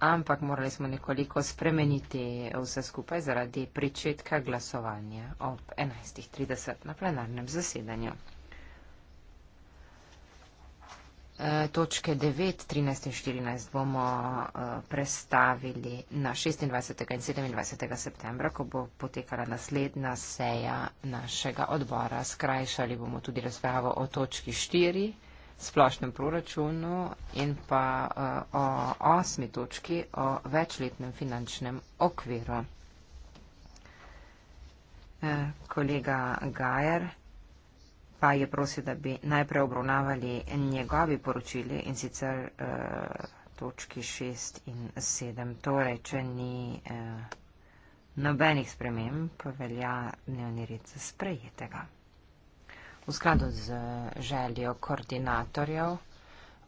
ampak morali smo nekoliko spremeniti vse skupaj zaradi pričetka glasovanja ob 11.30 na plenarnem zasedanju. E, točke 9, 13 in 14 bomo e, prestavili na 26. in 27. septembra, ko bo potekala naslednja seja našega odbora. Skrajšali bomo tudi razpravo o točki 4 splošnem proračunu in pa eh, o osmi točki o večletnem finančnem okviru. Eh, kolega Gajer pa je prosil, da bi najprej obravnavali njegovi poročili in sicer eh, točki 6 in 7. Torej, če ni nobenih sprememb, velja dnevni red za sprejetega. V skladu z željo koordinatorjev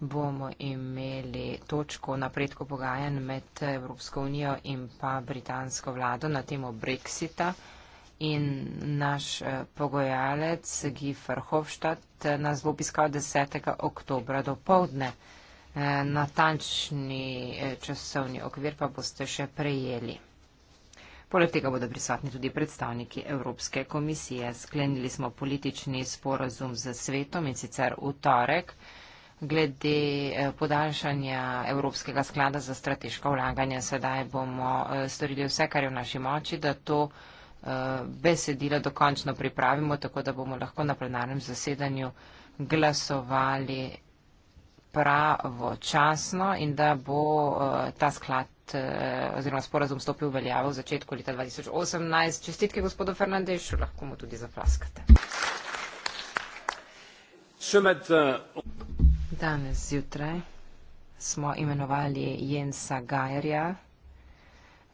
bomo imeli točko napredku pogajanj med Evropsko unijo in pa britansko vlado na temo Brexita. In naš eh, pogojalec Guy Verhofstadt nas bo obiskal 10. oktobra do povdne. Eh, natančni eh, časovni okvir pa boste še prejeli. Poleg tega bodo prisotni tudi predstavniki Evropske komisije. Sklenili smo politični sporazum z svetom in sicer v torek glede eh, podaljšanja Evropskega sklada za strateško vlaganje. Sedaj bomo eh, storili vse, kar je v naši moči, da to eh, besedilo dokončno pripravimo, tako da bomo lahko na plenarnem zasedanju glasovali pravočasno in da bo eh, ta sklad eh, oziroma sporazum stopil v veljavo v začetku leta 2018. Čestitke gospodu Fernandešu, lahko mu tudi zaplaskate. Eh, Danes zjutraj smo imenovali Jensa Gajerja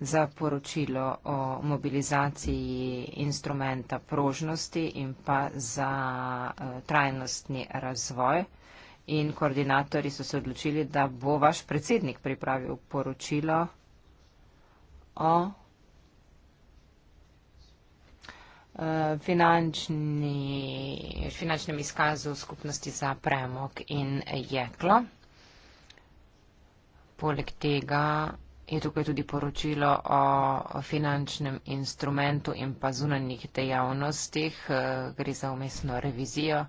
za poročilo o mobilizaciji instrumenta prožnosti in pa za trajnostni razvoj in koordinatori so se odločili, da bo vaš predsednik pripravil poročilo o eh, finančni, finančnem izkazu skupnosti za premog in jeklo. Poleg tega je tukaj tudi poročilo o finančnem instrumentu in pa zunanjih dejavnostih, eh, gre za umestno revizijo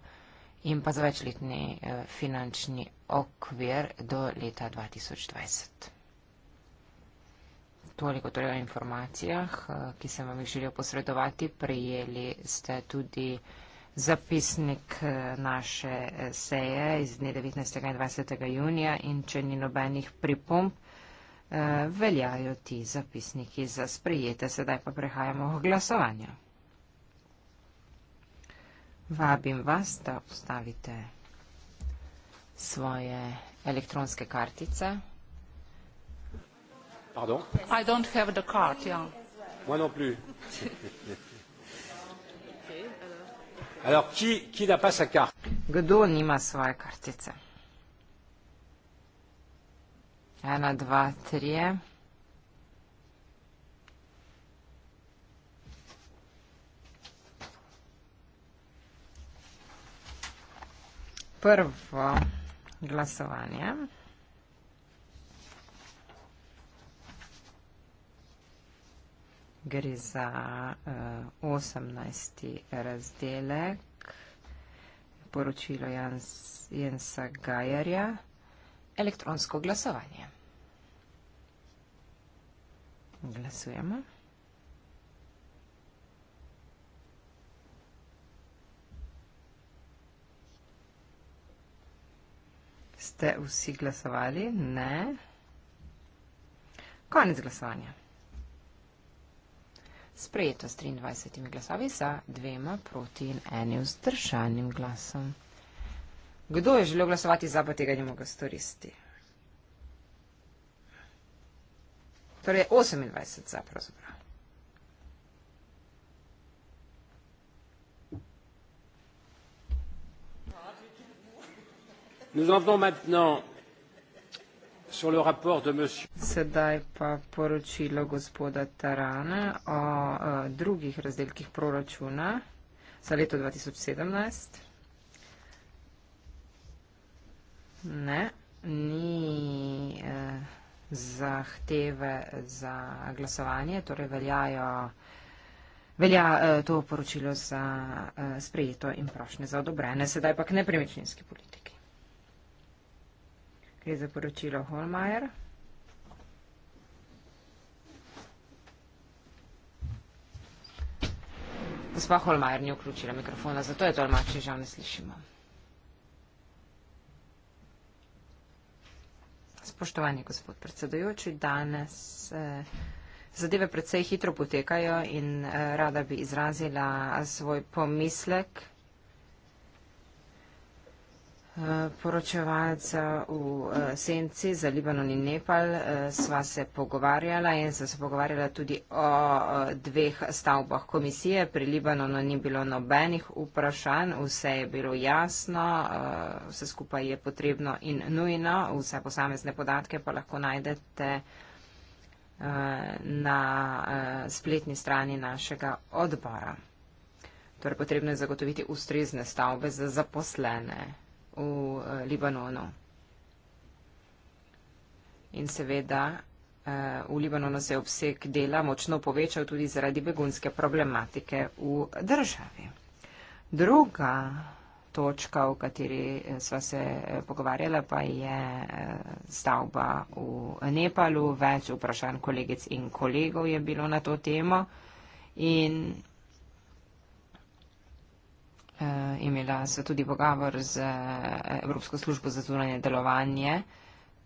in pa za večletni eh, finančni okvir do leta 2020. Toliko torej o informacijah, eh, ki sem vam jih želel posredovati. Prijeli ste tudi zapisnik eh, naše seje iz dne 19. in 20. junija in če ni nobenih pripomp, veljajo ti zapisniki za sprejete. Sedaj pa prehajamo v glasovanje. Vabim vas, da postavite svoje elektronske kartice. Pardon? I don't have the card, ja. Yeah. Moi non plus. Alors, qui, qui n'a pas sa carte? Kdo nima svoje kartice? Ena, dva, trije. prvo glasovanje. Gre za uh, eh, 18. razdelek, poročilo Jans, Jensa Gajerja, elektronsko glasovanje. Glasujemo. ste vsi glasovali? Ne. Konec glasovanja. Sprejeto s 23 glasovi za dvema proti in enim zdržanim glasom. Kdo je želel glasovati za, pa tega ne mogo storisti? Torej 28 za pravzaprav. nous en venons maintenant sur le rapport de monsieur Sedaj pa poročilo gospoda Tarana o uh, drugih razdelkih proračuna za leto 2017. Ne, ni eh, zahteve za glasovanje, torej veljajo, velja eh, to poročilo za eh, sprejeto in prošnje za odobrene. Sedaj pa k nepremičninski politiki. Gre za poročilo Holmajer. Gospa Holmajer ni vključila mikrofona, zato je tolmače, žal ne slišimo. Spoštovani gospod predsedojoči, danes eh, zadeve predvsej hitro potekajo in eh, rada bi izrazila svoj pomislek poročevalca v eh, Senci za Libanon in Nepal. Eh, sva se pogovarjala in sva se pogovarjala tudi o eh, dveh stavbah komisije. Pri Libanonu ni bilo nobenih vprašanj, vse je bilo jasno, vse skupaj je potrebno in nujno. Vse posamezne podatke pa lahko najdete na spletni strani našega odbora. Torej potrebno je zagotoviti ustrezne stavbe za zaposlene v eh, Libanonu. In seveda eh, v Libanonu se je obseg dela močno povečal tudi zaradi begunske problematike v državi. Druga točka, o kateri eh, sva se pogovarjala, pa je stavba v Nepalu. Več vprašanj kolegic in kolegov je bilo na to temo. In uh, imela se tudi pogovor z eh, Evropsko službo za zunanje delovanje.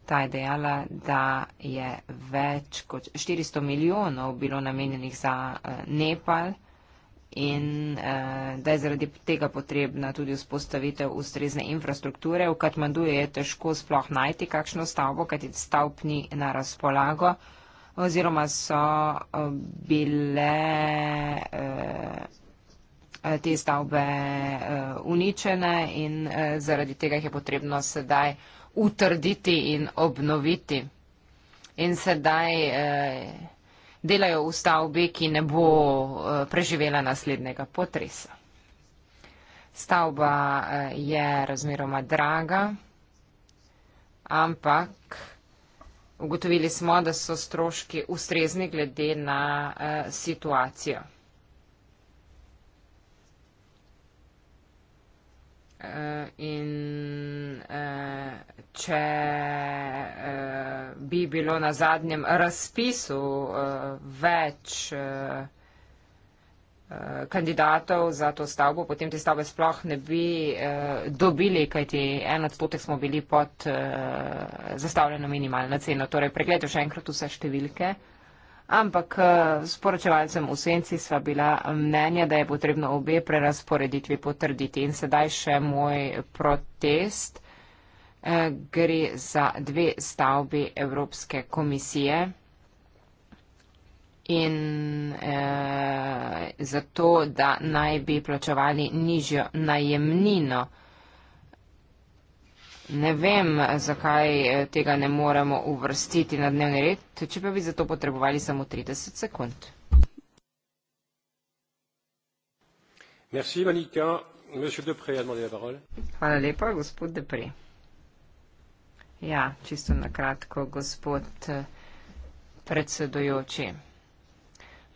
Ta je dejala, da je več kot 400 milijonov bilo namenjenih za uh, Nepal in uh, da je zaradi tega potrebna tudi vzpostavitev ustrezne infrastrukture. V Katmandu je težko sploh najti kakšno stavbo, kajti stavb ni na razpolago oziroma so bile. Uh, Eh, te stavbe eh, uničene in eh, zaradi tega jih je potrebno sedaj utrditi in obnoviti. In sedaj delajo v stavbi, ki ne bo preživela naslednjega potresa. Stavba je razmeroma draga, ampak ugotovili smo, da so stroški ustrezni glede na situacijo. Uh, in uh, če uh, bi bilo na zadnjem razpisu uh, več uh, kandidatov za to stavbo, potem te stavbe sploh ne bi uh, dobili, kajti en odstotek smo bili pod uh, zastavljeno minimalno ceno. Torej, pregledajte še enkrat vse številke. Uh, ampak eh, s poročevalcem v senci sva bila mnenja, da je potrebno obe prerasporeditvi potrditi. In sedaj še moj protest. Eh, gre za dve stavbi Evropske komisije. In eh, zato, da naj bi plačevali nižjo najemnino. Ne vem, zakaj eh, tega ne moremo uvrstiti na dnevni red, če pa bi za to potrebovali samo 30 sekund. Merci, Monika. Monsieur Depré a demandé la parole. Hvala lepa, gospod Depré. Ja, čisto na kratko, gospod eh, predsedujoči.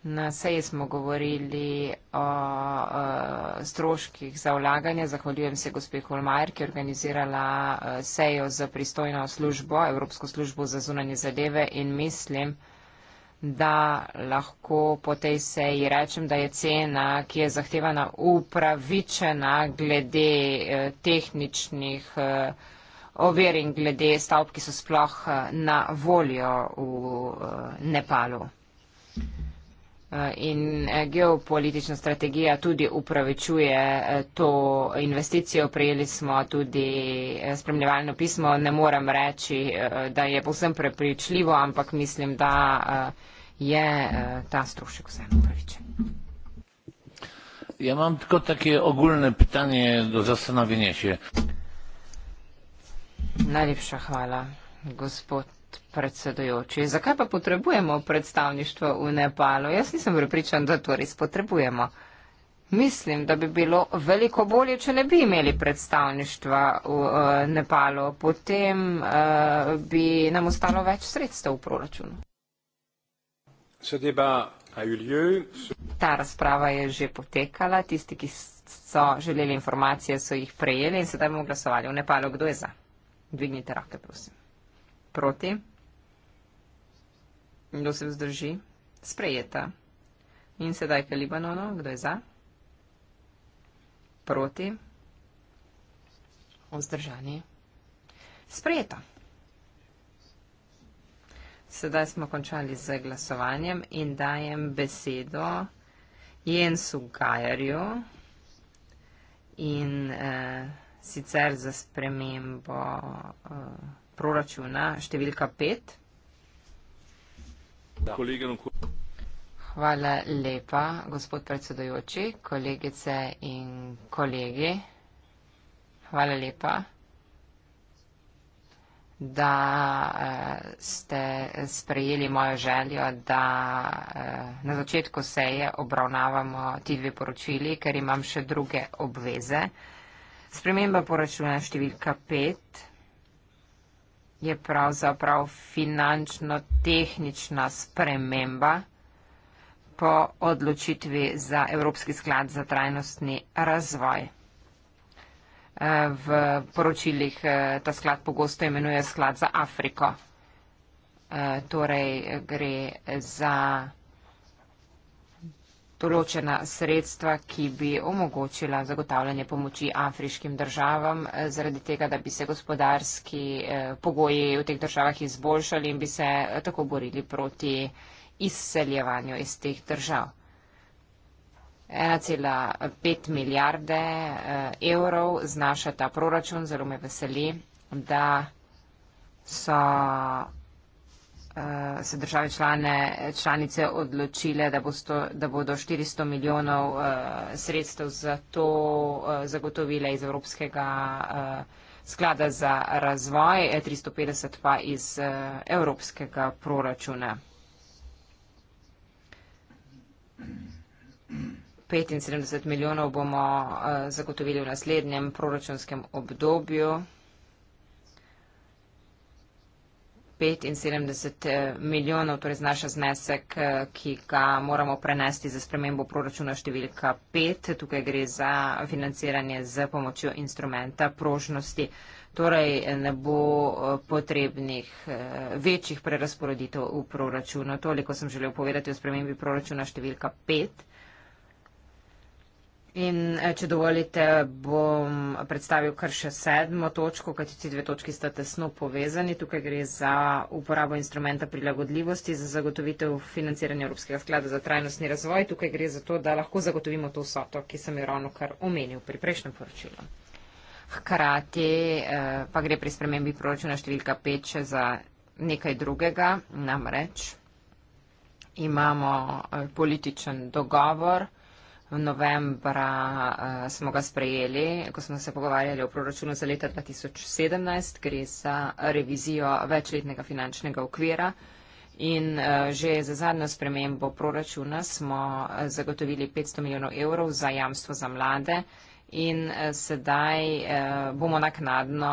Na seji smo govorili o, o stroških za vlaganje. Zahvaljujem se gospe Holmajer, ki je organizirala e, sejo za pristojno službo, Evropsko službo za zunanje zadeve in mislim, da lahko po tej seji rečem, da je cena, ki je zahtevana, upravičena glede e, tehničnih e, ovir in glede stavb, ki so sploh na voljo v Nepalu. Eh, in eh, geopolitična strategija tudi upravičuje eh, to investicijo. Prijeli smo tudi spremljevalno pismo. Ne moram reči, da je povsem prepričljivo, ampak mislim, da je ta strošek vseeno upravičen. Ja, imam tako tako ogulne pitanje do zastanovinje. Najlepša hvala, gospod predsedujoči. Zakaj pa potrebujemo predstavništvo v Nepalu? Jaz nisem pripričan, da to res potrebujemo. Mislim, da bi bilo veliko bolje, če ne bi imeli predstavništva v uh, Nepalu. Potem uh, bi nam ostalo več sredstev v proračunu. Ta razprava je že potekala. Tisti, ki so želeli informacije, so jih prejeli in sedaj bomo glasovali v Nepalu. Kdo je za? Dvignite roke, prosim proti. Kdo se vzdrži? Sprejeta. In sedaj k Libanonu, kdo je za? Proti. Vzdržani. Sprejeta. Sedaj smo končali z glasovanjem in dajem besedo Jensu Gajarju in eh, sicer za spremembo. Eh, proračuna številka 5. Hvala lepa, gospod predsedojoči, kolegice in kolegi. Hvala lepa, da eh, ste sprejeli mojo željo, da eh, na začetku seje obravnavamo ti dve poročili, ker imam še druge obveze. Sprememba poračuna številka 5 je pravzaprav finančno-tehnična sprememba po odločitvi za Evropski sklad za trajnostni razvoj. Eh, v poročilih eh, ta sklad pogosto imenuje sklad za Afriko. Eh, torej gre za določena sredstva, ki bi omogočila zagotavljanje pomoči afriškim državam, eh, zaradi tega, da bi se gospodarski eh, pogoji v teh državah izboljšali in bi se eh, tako borili proti izseljevanju iz teh držav. 1,5 milijarde evrov znaša ta proračun, zelo me veseli, da so Eh, se države člane, članice odločile, da, sto, da bodo 400 milijonov uh, sredstev za to uh, zagotovile iz Evropskega uh, sklada za razvoj, 350 pa iz uh, Evropskega proračuna. 75 milijonov bomo uh, zagotovili v naslednjem proračunskem obdobju. 75 eh, milijonov, torej znaša znesek, eh, ki ga moramo prenesti za spremembo proračuna številka 5. Tukaj gre za financiranje z pomočjo instrumenta prožnosti. Torej eh, ne bo potrebnih večjih prerasporeditev v proračunu. Toliko sem želel povedati o spremembi proračuna številka 5. In eh, če dovolite, bom predstavil kar še sedmo točko, kajti ti dve točki sta tesno povezani. Tukaj gre za uporabo instrumenta prilagodljivosti za zagotovitev financiranja Evropskega sklada za trajnostni razvoj. Tukaj gre za to, da lahko zagotovimo to soto, ki sem jo ravno kar omenil pri prejšnjem poročilu. Hkrati eh, pa gre pri spremembi proračuna številka 5 še za nekaj drugega. Namreč imamo eh, političen dogovor novembra uh, smo ga sprejeli, ko smo se pogovarjali o proračunu za leta 2017, gre za revizijo večletnega finančnega okvira. In eh, že za zadnjo spremembo proračuna smo eh, zagotovili 500 milijonov evrov za jamstvo za mlade in sedaj bomo naknadno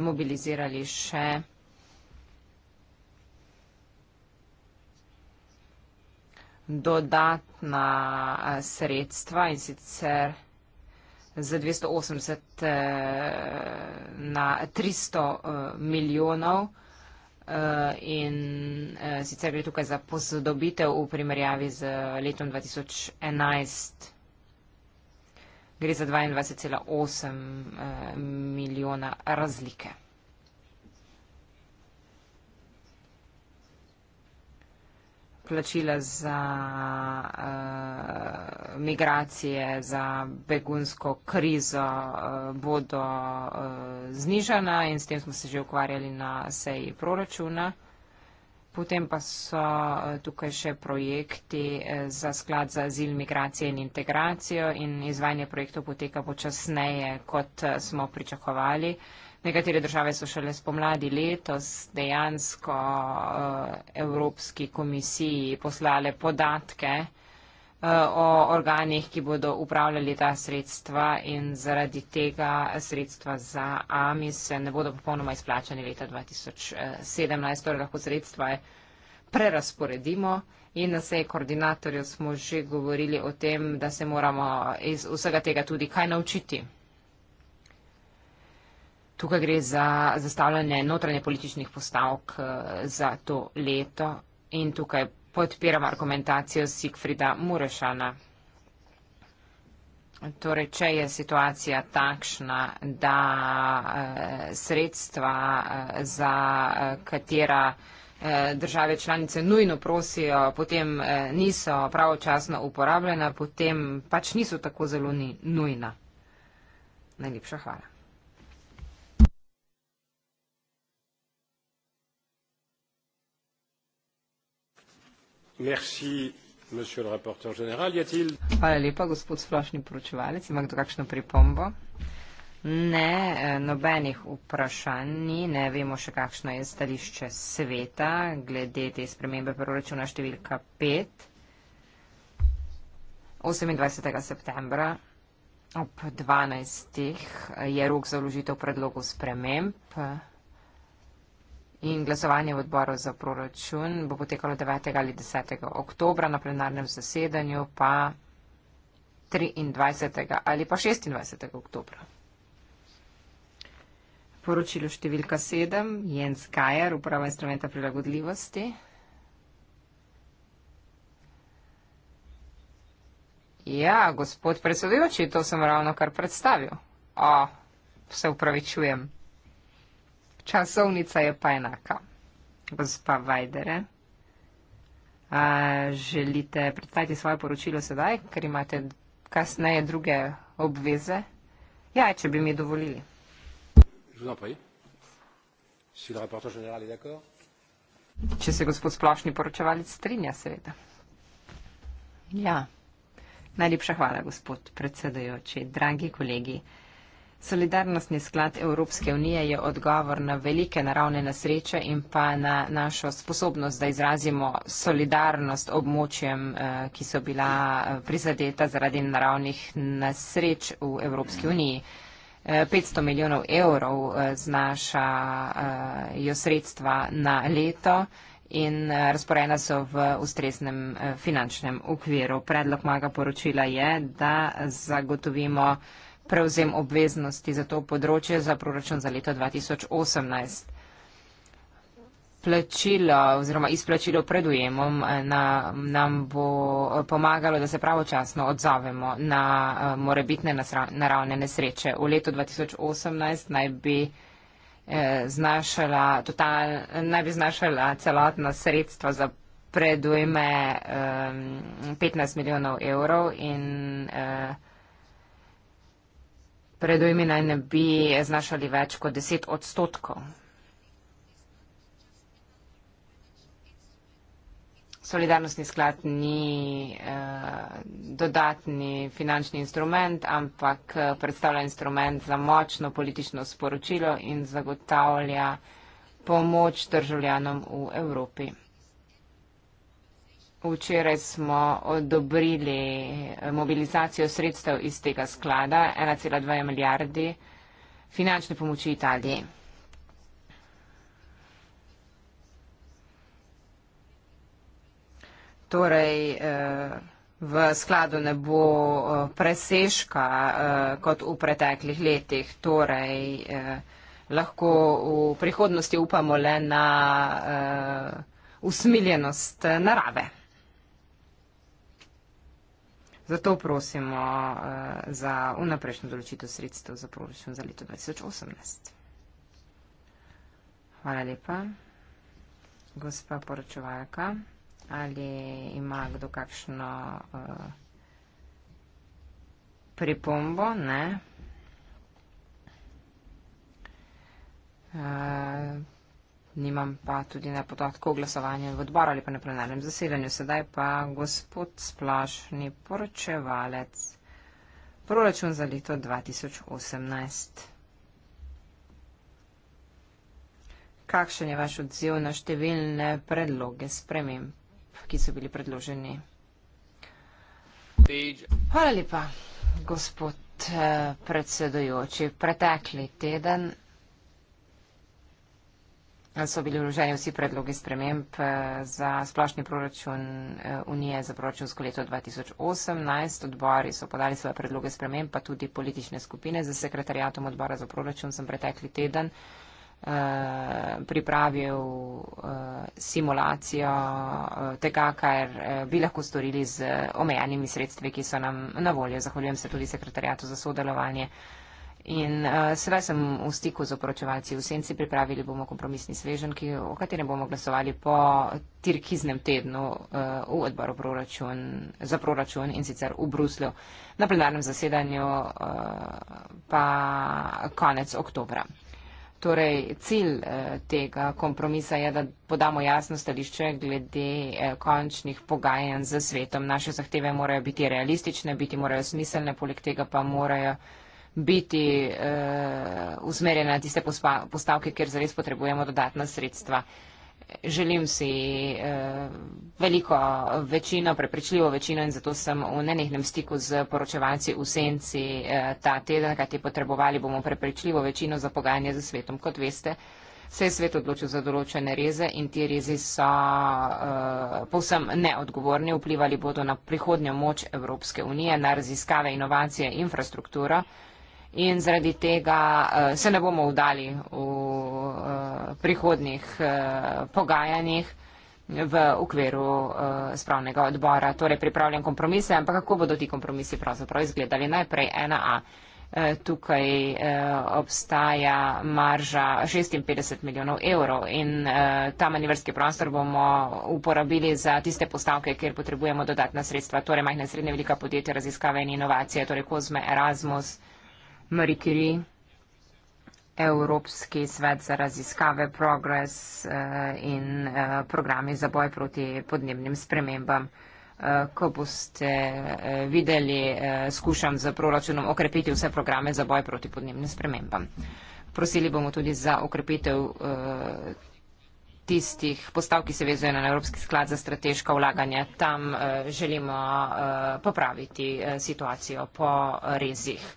mobilizirali še dodatna sredstva in sicer za 280 e, na 300 e, milijonov e, in sicer gre tukaj za posodobitev v primerjavi z letom 2011. Gre za 22,8 milijona razlike. plačila za uh, migracije, za begunsko krizo uh, bodo uh, znižana in s tem smo se že ukvarjali na seji proračuna. Potem pa so tukaj še projekti za sklad za azil, migracije in integracijo in izvajanje projektov poteka počasneje, kot smo pričakovali. Uh, Nekatere države so šele spomladi letos dejansko eh, Evropski komisiji poslale podatke eh, o organih, ki bodo upravljali ta sredstva in zaradi tega sredstva za AMIS se ne bodo popolnoma izplačani leta 2017, torej lahko sredstva prerasporedimo in na sej koordinatorju smo že govorili o tem, da se moramo iz vsega tega tudi kaj naučiti tukaj gre za zastavljanje notranje političnih postavk eh, za to leto in tukaj podpiram argumentacijo Sigfrida Murešana. Torej, če je situacija takšna, da eh, sredstva, eh, za katera države članice nujno prosijo, potem niso pravočasno uporabljena, potem pač niso tako zelo nujna. Najlepša hvala. Merci, monsieur le rapporteur général. Y a-t-il. Hvala lepa, gospod splošni poročevalec. Ima kdo kakšno pripombo? Ne, eh, nobenih vprašanj ni, ne vemo še kakšno je stališče sveta glede te spremembe proračuna številka 5. 28. septembra ob 12. je rok za vložitev predlogov sprememb. In glasovanje v odboru za proračun bo potekalo 9. ali 10. oktobra na plenarnem zasedanju pa 23. ali pa 26. oktobra. Poročilo številka 7, Jens Kajer, uprava instrumenta prilagodljivosti. Ja, gospod predsedujoči, to sem ravno kar predstavil. O, se upravičujem časovnica je pa enaka. Gospa Vajdere, a, želite predstaviti svoje poročilo sedaj, ker imate kasneje druge obveze? Ja, če bi mi dovolili. Če se gospod splošni poročevalec strinja, seveda. Ja, najlepša hvala, gospod predsedajoči, dragi kolegi. Solidarnostni sklad Evropske unije je odgovor na velike naravne nasreče in pa na našo sposobnost, da izrazimo solidarnost območjem, eh, ki so bila eh, prizadeta zaradi naravnih nasreč v Evropski uniji. 500 eh, milijonov evrov znašajo sredstva na leto in razporena so v ustreznem finančnem ukviru. Predlog maga poročila je, da zagotovimo prevzem obveznosti za to področje za proračun za leto 2018. Plačilo oziroma izplačilo pred ujemom eh, na, nam bo eh, pomagalo, da se pravočasno odzovemo na uh, morebitne naravne nesreče. V letu 2018 naj bi, eh, znašala, total, naj bi znašala celotna sredstva za predujme eh, 15 milijonov evrov in eh, Predujmi naj ne bi znašali več kot 10 odstotkov. Solidarnostni sklad ni eh, dodatni finančni instrument, ampak eh, predstavlja instrument za močno politično sporočilo in zagotavlja pomoč državljanom v Evropi. Včeraj smo odobrili mobilizacijo sredstev iz tega sklada, 1,2 milijardi finančne pomoči Italiji. Torej, eh, v skladu ne bo eh, presežka eh, kot v preteklih letih. Torej, lahko v prihodnosti upamo le na usmiljenost narave. Zato prosimo uh, za unaprejšnjo določitev sredstev za proračun za leto 2018. Hvala lepa. Gospa poročevalka, ali ima kdo kakšno uh, pripombo? Ne. Uh, Nimam pa tudi na podatku o glasovanju v odboru ali pa na plenarnem zasedanju. Sedaj pa gospod splašni poročevalec. Proračun za leto 2018. Kakšen je vaš odziv na številne predloge sprememb, ki so bili predloženi? Hvala lepa, gospod eh, predsedujoči. Pretekli teden so bili vloženi vsi predlogi sprememb eh, za splošni proračun eh, Unije za proračunsko leto 2018. Odbori so podali svoje predloge sprememb, pa tudi politične skupine za sekretarijatom odbora za proračun sem pretekli teden eh, pripravil simulacijo tega, kar bi lahko storili z omejenimi sredstvi, ki so nam na voljo. Zahvaljujem se tudi sekretarijatu za sodelovanje. In uh, sedaj sem v stiku z oporočevalci v senci, pripravili bomo kompromisni svežen, ki, o katerem bomo glasovali po tirkiznem tednu uh, v odboru proračun, za proračun in sicer v Bruslju na plenarnem zasedanju uh, pa konec oktobra. Torej, cilj eh, tega kompromisa je, da podamo jasno stališče glede eh, končnih pogajanj z svetom. Naše zahteve morajo biti realistične, biti morajo smiselne, poleg tega pa morajo eh, biti uh, eh, usmerjene na tiste postavke, kjer zares potrebujemo dodatna sredstva. Želim si uh, veliko večino, prepričljivo večino in zato sem v nenehnem stiku z poročevalci v senci uh, ta teden, kajti potrebovali bomo prepričljivo večino za pogajanje z svetom. Kot veste, se je svet odločil za določene reze in ti rezi so uh, povsem neodgovorni, vplivali bodo na prihodnjo moč Evropske unije, na raziskave, inovacije, infrastrukturo in zaradi tega eh, se ne bomo vdali v eh, prihodnih eh, pogajanjih v okviru spravnega odbora. Torej pripravljam kompromise, ampak kako bodo ti kompromisi pravzaprav izgledali? Najprej 1A. Tukaj obstaja marža 56 milijonov evrov in ta manjverski prostor bomo uporabili za tiste postavke, kjer potrebujemo dodatna sredstva, torej majhne srednje velika podjetja, raziskave in inovacije, torej Kozme, Erasmus, Marie Curie, Evropski svet za raziskave PROGRESS eh, in eh, programi za boj proti podnebnim spremembam. Eh, ko boste videli, skušam za proračunom okrepiti vse programe za boj proti podnebnim spremembam. Prosili bomo tudi za okrepitev tistih postav, ki se vezuje na Evropski sklad za strateška vlaganja. Tam želimo popraviti situacijo po rezih.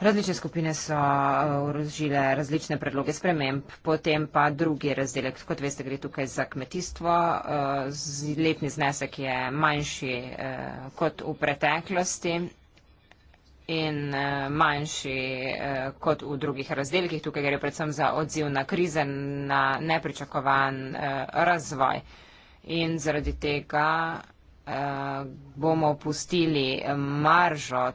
Različne skupine so uh, vložile različne predloge sprememb, potem pa drugi razdelek, kot veste, gre tukaj za kmetijstvo. Uh, letni znesek je manjši uh, kot v preteklosti in manjši kot v drugih razdelkih. Tukaj gre predvsem za odziv na krize, na nepričakovan razvoj. In zaradi tega bomo opustili maržo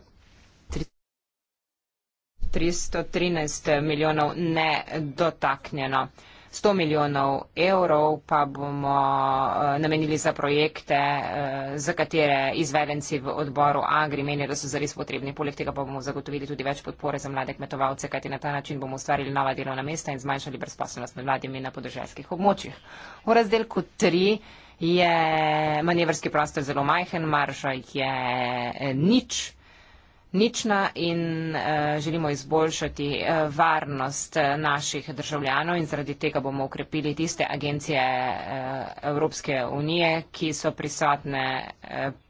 313 milijonov nedotaknjeno. 100 milijonov evrov pa bomo eh, namenili za projekte, eh, za katere izvedenci v odboru Agri menijo, da so zares potrebni. Poleg tega pa bomo zagotovili tudi več podpore za mlade kmetovalce, kajti na ta način bomo ustvarili nova delovna mesta in zmanjšali brezposobnost med mladimi na podrželjskih območjih. V razdelku 3 je manevrski prostor zelo majhen, marža jih je eh, nič nična in eh, želimo izboljšati eh, varnost eh, naših državljanov in zaradi tega bomo ukrepili tiste agencije Evropske unije, ki so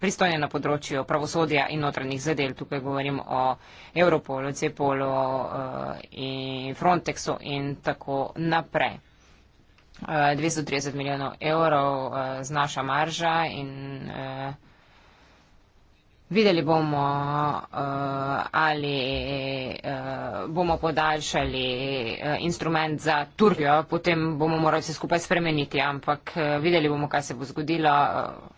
pristojne na področju pravosodja in notranjih zadel. Tukaj govorim o Europolu, Cepolu in Frontexu in tako naprej. 230 milijonov evrov znaša marža in vsega. Videli bomo, uh, ali uh, bomo podaljšali uh, instrument za Turkijo, potem bomo morali vse skupaj spremeniti, ampak uh, videli bomo, kaj se bo zgodilo. Uh,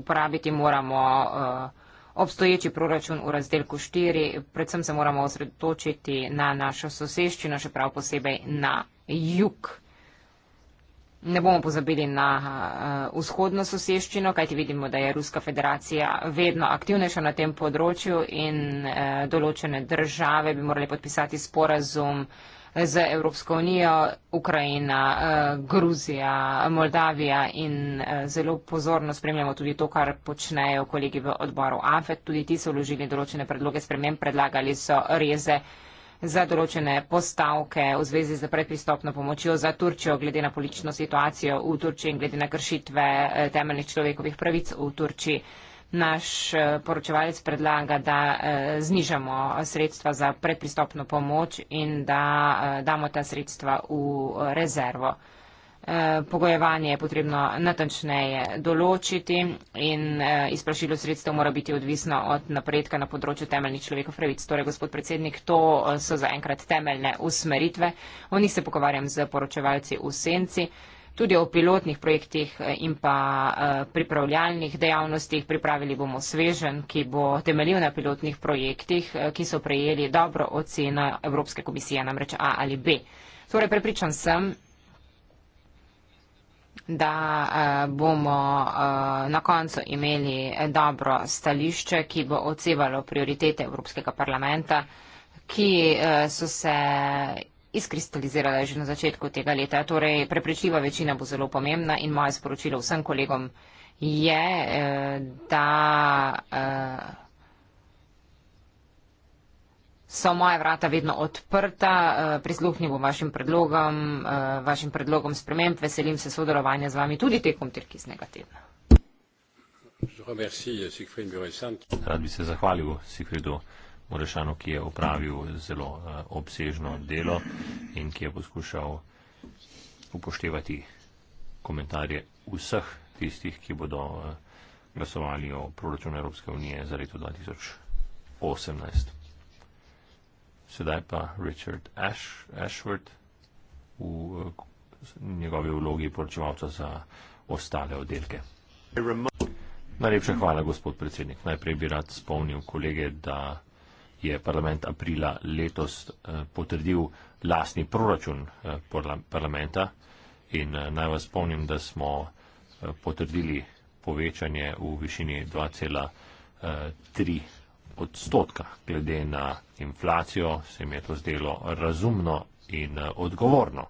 uporabiti moramo uh, obstoječi proračun v razdelku 4, predvsem se moramo osredotočiti na našo soseščino, še prav posebej na jug. Ne bomo pozabili na uh, vzhodno soseščino, kajti vidimo, da je Ruska federacija vedno aktivnejša na tem področju in uh, določene države bi morali podpisati sporazum eh, z Evropsko unijo, Ukrajina, uh, Gruzija, Moldavija in uh, zelo pozorno spremljamo tudi to, kar počnejo kolegi v odboru AFET. Tudi ti so vložili določene predloge, spremem predlagali so reze za določene postavke v zvezi z predpristopno pomočjo za Turčjo, glede na politično situacijo v Turčiji in glede na kršitve eh, temeljnih človekovih pravic v Turčiji. Naš eh, poročevalec predlaga, da eh, znižamo sredstva za predpristopno pomoč in da damo ta sredstva v rezervo. Eh, pogojevanje je potrebno natančneje določiti in eh, izprašilo sredstev mora biti odvisno od napredka na področju temeljnih človekov pravic. Torej, gospod predsednik, to eh, so zaenkrat temeljne usmeritve. O njih se pogovarjam z poročevalci v senci. Tudi o pilotnih projektih in pa pripravljalnih dejavnostih pripravili bomo svežen, ki bo temeljil na pilotnih projektih, ki so prejeli dobro oceno Evropske komisije, namreč A ali B. Torej, prepričan sem, da eh, bomo eh, na koncu imeli eh, dobro stališče, ki bo odsevalo prioritete Evropskega parlamenta, ki so se izkristalizirale že na začetku tega leta. Torej, preprečljiva večina bo zelo pomembna in moje sporočilo vsem kolegom je, da so moja vrata vedno odprta, eh, prisluhnimo vašim predlogom, eh, vašim predlogom sprememb, veselim se sodelovanja z vami tudi tekom Tirkiznega tedna. Eh, Rad bi se zahvalil Sigfridu Morešanu, ki je opravil zelo obsežno delo in ki je poskušal upoštevati komentarje vseh tistih, ki bodo glasovali o proračunu Evropske unije za leto 2018 sedaj pa Richard Ash, Ashford v, v eh, njegovi vlogi poročevalca za ostale oddelke. Najlepša hvala, gospod predsednik. Najprej bi rad spomnil kolege, da je parlament aprila letos eh, potrdil lasni proračun eh, parlamenta in naj vas spomnim, da smo potrdili povečanje v višini 2,3 odstotka. Glede na inflacijo se mi je to zdelo razumno in eh, odgovorno.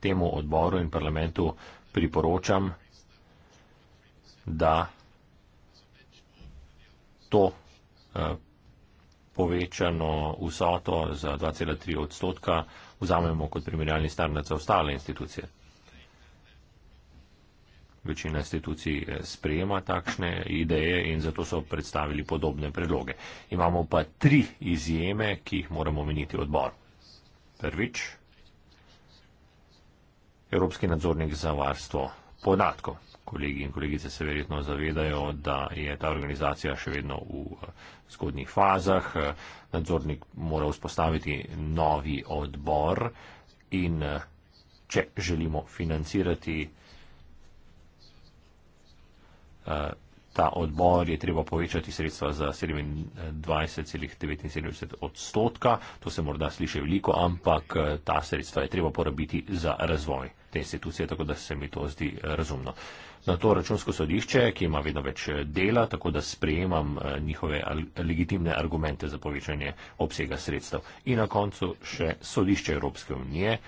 Temu odboru in parlamentu priporočam, da to eh, povečano vsoto za 2,3 odstotka vzamemo kot primerjalni standard za ostale institucije večina institucij eh, sprejema takšne ideje in zato so predstavili podobne predloge. Imamo pa tri izjeme, ki jih moramo omeniti odbor. Prvič, Evropski nadzornik za varstvo podatkov. Kolegi in kolegice se verjetno zavedajo, da je ta organizacija še vedno v eh, zgodnjih fazah. Eh, nadzornik mora vzpostaviti novi odbor in če želimo financirati ta odbor je treba povečati sredstva za 27,79 odstotka. To se morda sliši veliko, ampak ta sredstva je treba porabiti za razvoj te institucije, tako da se mi to zdi razumno. Na to računsko sodišče, ki ima vedno več dela, tako da sprejemam njihove legitimne argumente za povečanje obsega sredstev. In na koncu še sodišče Evropske unije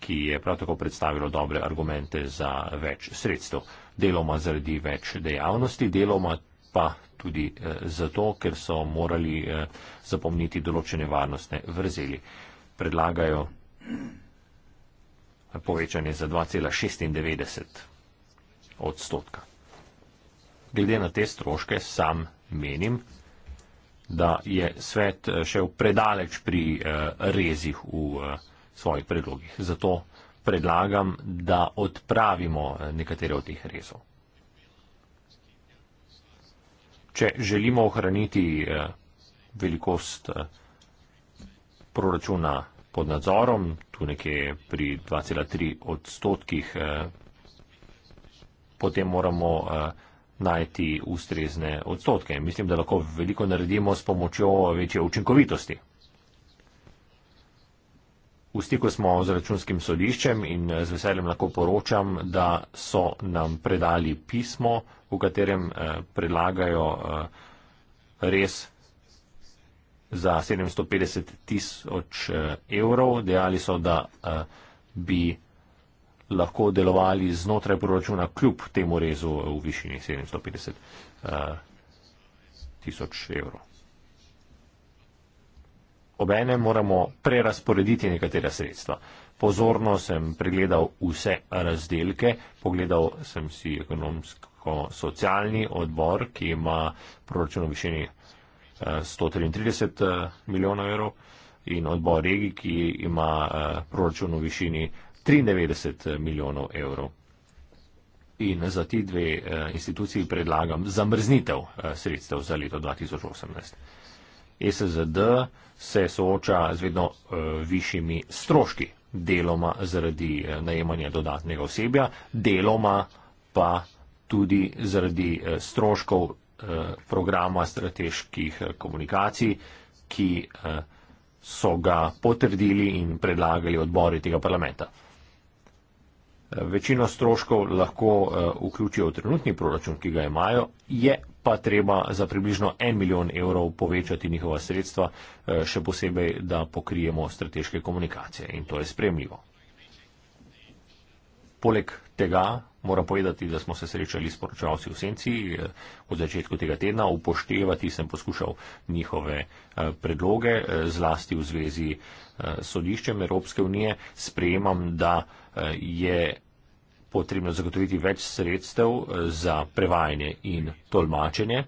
ki je prav tako predstavilo dobre argumente za več sredstev. Deloma zaradi več dejavnosti, deloma pa tudi eh, zato, ker so morali eh, zapomniti določene varnostne vrzeli. Predlagajo povečanje za 2,96 odstotka. Glede na te stroške sam menim, da je svet eh, šel predaleč pri eh, rezih v. Eh, svojih predlogih. Zato predlagam, da odpravimo nekatere od teh rezov. Če želimo ohraniti eh, velikost eh, proračuna pod nadzorom, tu nekje pri 2,3 odstotkih, eh, potem moramo najti ustrezne odstotke. Mislim, da lahko veliko naredimo s pomočjo večje učinkovitosti. V stiku smo z računskim sodiščem in eh, z veseljem lahko poročam, da so nam predali pismo, v katerem eh, predlagajo eh, res za 750 tisoč evrov. Dejali so, da bi lahko delovali znotraj proračuna kljub temu rezu v višini 750 tisoč evrov obene moramo prerasporediti nekatera sredstva. Pozorno sem pregledal vse razdelke, pogledal sem si ekonomsko-socialni odbor, ki ima proračun v višini 133 eh, eh, milijonov evrov in odbor regi, ki ima eh, proračun v višini 93 milijonov evrov. In za ti dve instituciji predlagam zamrznitev sredstev za leto 2018. SZD se sooča z vedno uh, višjimi stroški, deloma zaradi uh, najemanja dodatnega osebja, deloma pa tudi zaradi uh, stroškov uh, programa strateških uh, komunikacij, ki uh, so ga potrdili in predlagali odbori tega parlamenta. Večino stroškov lahko uh, vključijo v trenutni proračun, ki ga imajo, je pa treba za približno en milijon evrov povečati njihova sredstva, eh, še posebej, da pokrijemo strateške komunikacije in to je spremljivo. Poleg tega moram povedati, da smo se srečali s poročevalci v Senci v eh, začetku tega tedna. Upoštevati sem poskušal njihove eh, predloge, zlasti v zvezi s sodiščem Evropske unije. Sprejemam, da je potrebno zagotoviti več sredstev eh, za prevajanje in tolmačenje.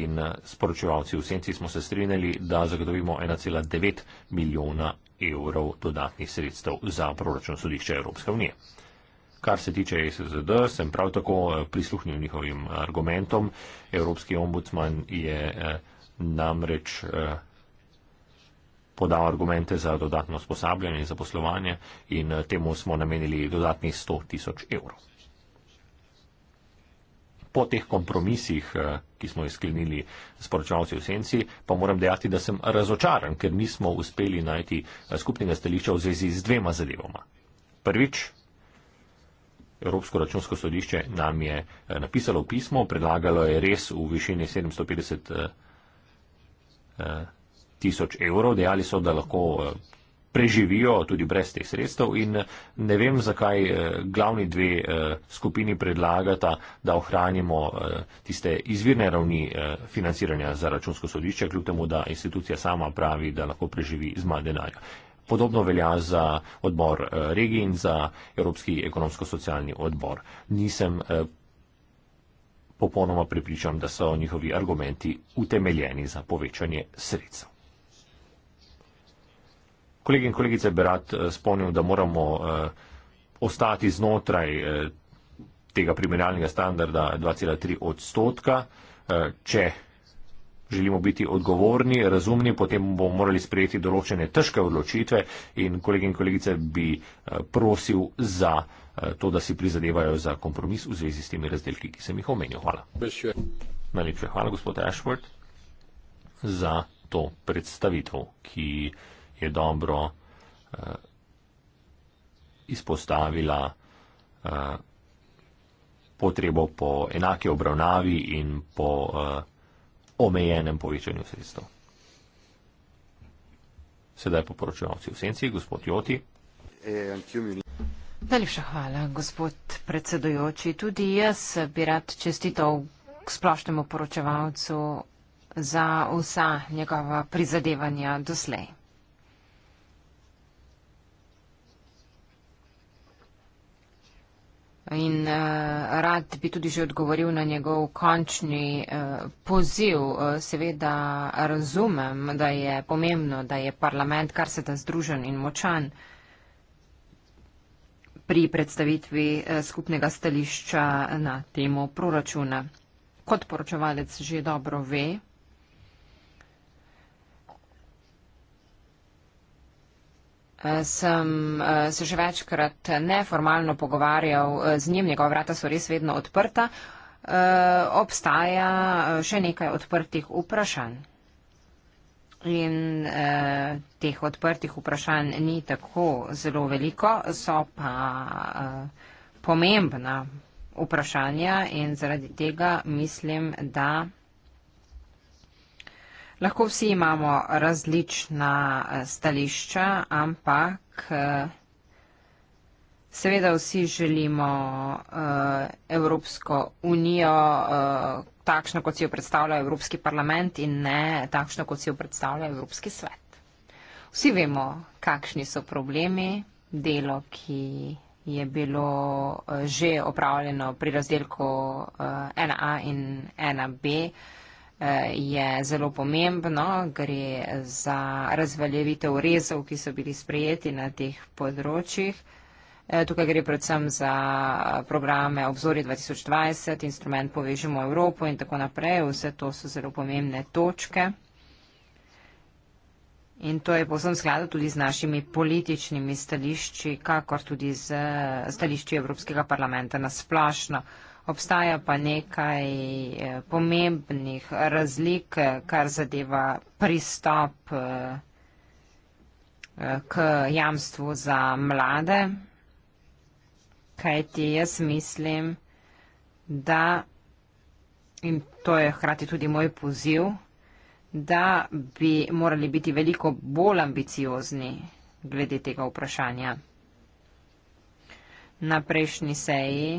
In eh, sporočevalci v senci smo se strinjali, da zagotovimo 1,9 milijona evrov dodatnih sredstev za proračun sodišča Evropske unije. Kar se tiče SSD, sem prav tako eh, prisluhnil njihovim argumentom. Evropski ombudsman je namreč podal argumente za dodatno sposabljanje in zaposlovanje in eh, temu smo namenili dodatnih 100 tisoč evrov. Po teh kompromisih, eh, ki smo jih sklenili s poročevalci v Senci, pa moram dejati, da sem razočaran, ker nismo uspeli najti eh, skupnega stališča v zvezi z dvema zadevoma. Prvič, Evropsko računsko sodišče nam je napisalo pismo, predlagalo je res v višini 750 tisoč evrov, dejali so, da lahko eh, preživijo tudi brez teh sredstev in eh, ne vem, zakaj eh, glavni dve skupini predlagata, da ohranimo tiste izvirne ravni financiranja za računsko sodišče, kljub temu, da institucija sama pravi, da lahko preživi z manj denarja. Podobno velja za odbor regij in za Evropski ekonomsko-socialni odbor. Nisem popolnoma pripričan, da so njihovi argumenti utemeljeni za povečanje sredstev. Kolegi in kolegice bi rad eh, spomnil, da moramo eh, ostati znotraj eh, tega primerjalnega standarda 2,3 odstotka. Če želimo biti odgovorni, razumni, potem bomo morali sprejeti določene težke odločitve in kolegi in kolegice bi prosil za to, da si prizadevajo za kompromis v zvezi s temi razdelki, ki sem jih omenil. Hvala. Najlepše hvala, gospod Ashford, za to predstavitev, ki je dobro eh, izpostavila eh, potrebo po enake obravnavi in po eh, omejenem povečanju sredstev. Sedaj pa poročevalci v senci, gospod Joti. Najlepša hvala, gospod predsedujoči. Tudi jaz bi rad čestitev k splošnemu poročevalcu za vsa njegova prizadevanja doslej. in uh, rad bi tudi že odgovoril na njegov končni uh, poziv. Eh, seveda razumem, da je pomembno, da je parlament kar se da združen in močan pri predstavitvi uh, skupnega stališča na temo proračuna. Kot poročevalec že dobro ve, Sem eh, se že večkrat neformalno pogovarjal eh, z njim, njegova vrata so res vedno odprta. Eh, obstaja še nekaj odprtih vprašanj. In eh, teh odprtih vprašanj ni tako zelo veliko, so pa eh, pomembna vprašanja in zaradi tega mislim, da. Lahko vsi imamo različna eh, stališča, ampak eh, seveda vsi želimo eh, Evropsko unijo takšno, kot si jo predstavlja Evropski parlament in ne takšno, kot si jo predstavlja Evropski svet. Vsi vemo, kakšni so problemi, delo, ki je bilo že opravljeno pri razdelku 1A in 1B je zelo pomembno, gre za razveljavitev rezov, ki so bili sprejeti na teh področjih. E, tukaj gre predvsem za programe Obzori 2020, instrument Povežimo Evropo in tako naprej. Vse to so zelo pomembne točke. In to je povsem sklada tudi z našimi političnimi stališči, kakor tudi z stališči Evropskega parlamenta nasplašno. splašno. Obstaja pa nekaj eh, pomembnih razlik, eh, kar zadeva pristop eh, k jamstvu za mlade, kajti jaz mislim, da, in to je hkrati tudi moj poziv, da bi morali biti veliko bolj ambiciozni glede tega vprašanja. Na prejšnji seji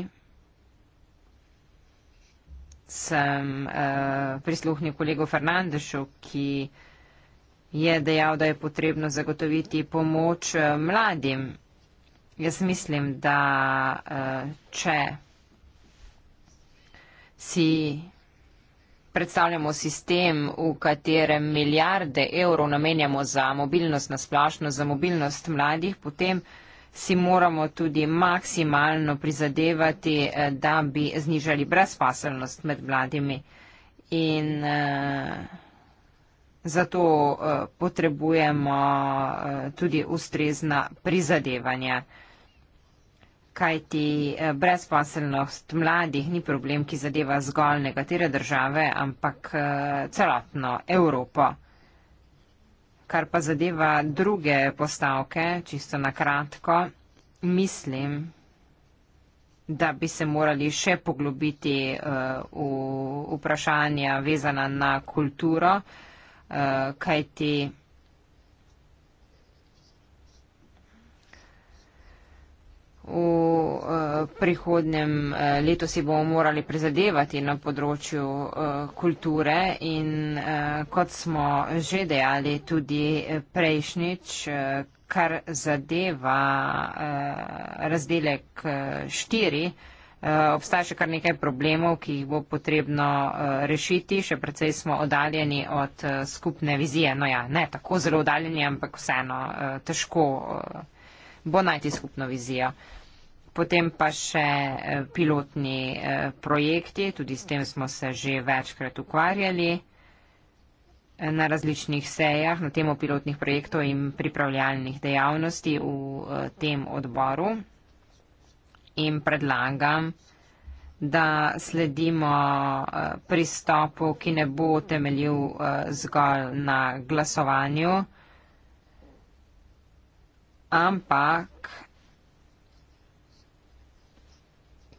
sem uh, prisluhnil kolegu Fernandešu, ki je dejal, da je potrebno zagotoviti pomoč eh, mladim. Jaz mislim, da uh, če si predstavljamo sistem, v katerem milijarde evrov namenjamo za mobilnost na splošno, za mobilnost mladih, potem uh, si moramo tudi maksimalno prizadevati, eh, da bi znižali brezpaselnost med mladimi. In uh, zato uh, potrebujemo uh, tudi ustrezna prizadevanja. Kajti uh, brezpaselnost mladih ni problem, ki zadeva zgolj nekatere države, ampak uh, celotno Evropo. Kar pa zadeva druge postavke, čisto na kratko, mislim, da bi se morali še poglobiti uh, v vprašanja vezana na kulturo, uh, kajti V eh, prihodnem eh, letu si bomo morali prizadevati na področju eh, kulture in kot smo že dejali tudi prejšnjič, kar zadeva razdelek štiri, obstaja še kar nekaj problemov, ki jih bo potrebno rešiti, še predvsej smo oddaljeni od skupne vizije. No ja, ne tako zelo oddaljeni, ampak vseeno težko bo najti skupno vizijo. Potem pa še eh, pilotni eh, projekti, tudi s tem smo se že večkrat ukvarjali eh, na različnih sejah, na temo pilotnih projektov in pripravljalnih dejavnosti v tem odboru. In predlagam, da sledimo pristopu, ki ne bo temeljil zgolj na glasovanju ampak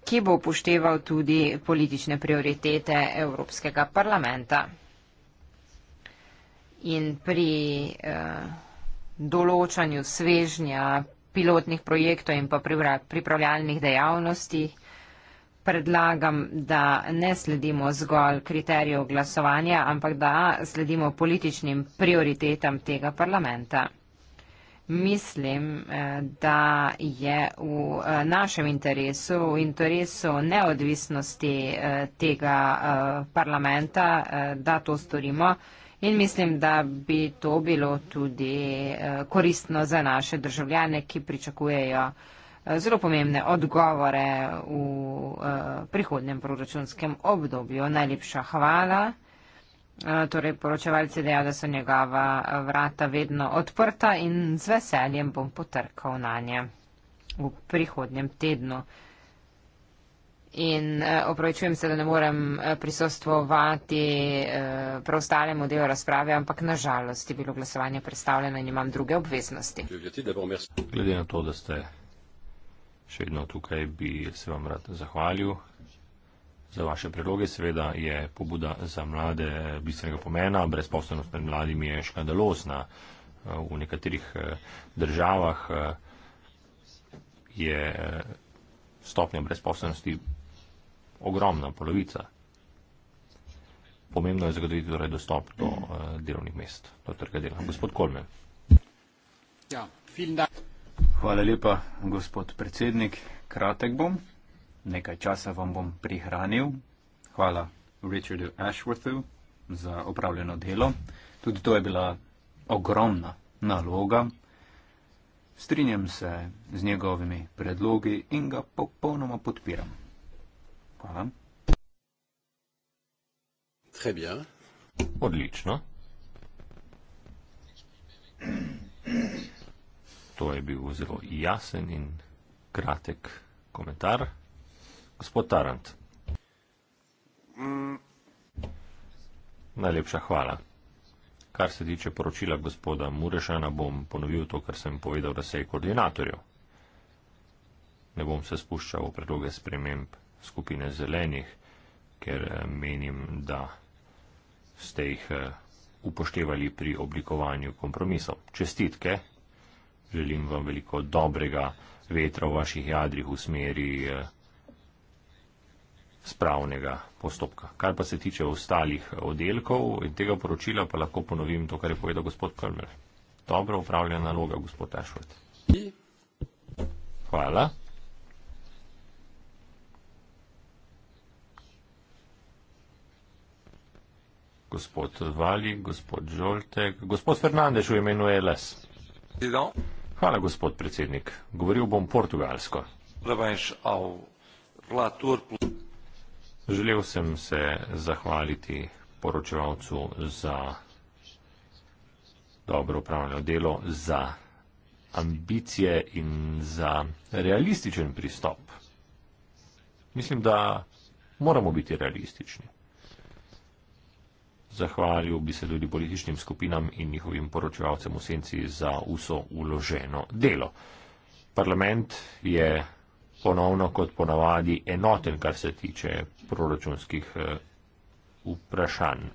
ki bo upošteval tudi politične prioritete Evropskega parlamenta. In pri eh, določanju svežnja pilotnih projektov in pa pripravljalnih dejavnosti predlagam, da ne sledimo zgolj kriterijev glasovanja, ampak da sledimo političnim prioritetam tega parlamenta mislim, eh, da je v eh, našem interesu, v interesu neodvisnosti eh, tega parlamenta, da to storimo in mislim, da bi to bilo tudi koristno za naše državljane, ki pričakujejo zelo pomembne odgovore v prihodnem proračunskem obdobju. Najlepša hvala. Eh, torej poročevalci dejajo, da so njegova eh, vrata vedno odprta in z veseljem bom potrkal na nje v prihodnjem tednu. In eh, opravičujem se, da ne morem prisostvovati preostalemu delu razprave, ampak na žalost je bilo glasovanje predstavljeno in imam druge obveznosti. Glede na to, da ste še vedno tukaj, bi se vam rad zahvalil za vaše predloge. Seveda je pobuda za mlade bistvenega pomena. Brezposobnost med mladimi je škandalozna v nekaterih eh, državah. Eh, je eh, stopnja brezposobnosti ogromna, polovica. Pomembno je zagotoviti torej dostop do delovnih mest, do trga dela. Gospod Kolmen. Ja, Hvala lepa, gospod predsednik. Kratek bom nekaj časa vam bom prihranil. Hvala Richardu Ashworthu za opravljeno delo. Tudi to je bila ogromna naloga. Strinjam se z njegovimi predlogi in ga popolnoma podpiram. Hvala. Trebija. Odlično. To je bil zelo jasen in kratek komentar. Gospod Tarant. Mm. Najlepša hvala. Kar se tiče poročila gospoda Murešana, bom ponovil to, kar sem povedal, da se je koordinatorjev. Ne bom se spuščal v predloge sprememb skupine zelenih, ker eh, menim, da ste jih eh, upoštevali pri oblikovanju kompromisov. Čestitke, želim vam veliko dobrega vetra v vaših jadrih v smeri. Eh, spravnega postopka. Kar pa se tiče ostalih eh, oddelkov in tega poročila, pa lahko ponovim to, kar je povedal gospod Krmer. Dobro upravljena naloga, gospod Ashworth. Hvala. Gospod Vali, gospod Žoltek, gospod Fernandez v imenu LS. Hvala, gospod predsednik. Govoril bom portugalsko. Želel sem se zahvaliti poročevalcu za dobro upravljeno delo, za ambicije in za realističen pristop. Mislim, da moramo biti realistični. Zahvalil bi se tudi političnim skupinam in njihovim poročevalcem v senci za vso uloženo delo. Parlament je ponovno kot ponavadi enoten, kar se tiče proračunskih eh, vprašanj.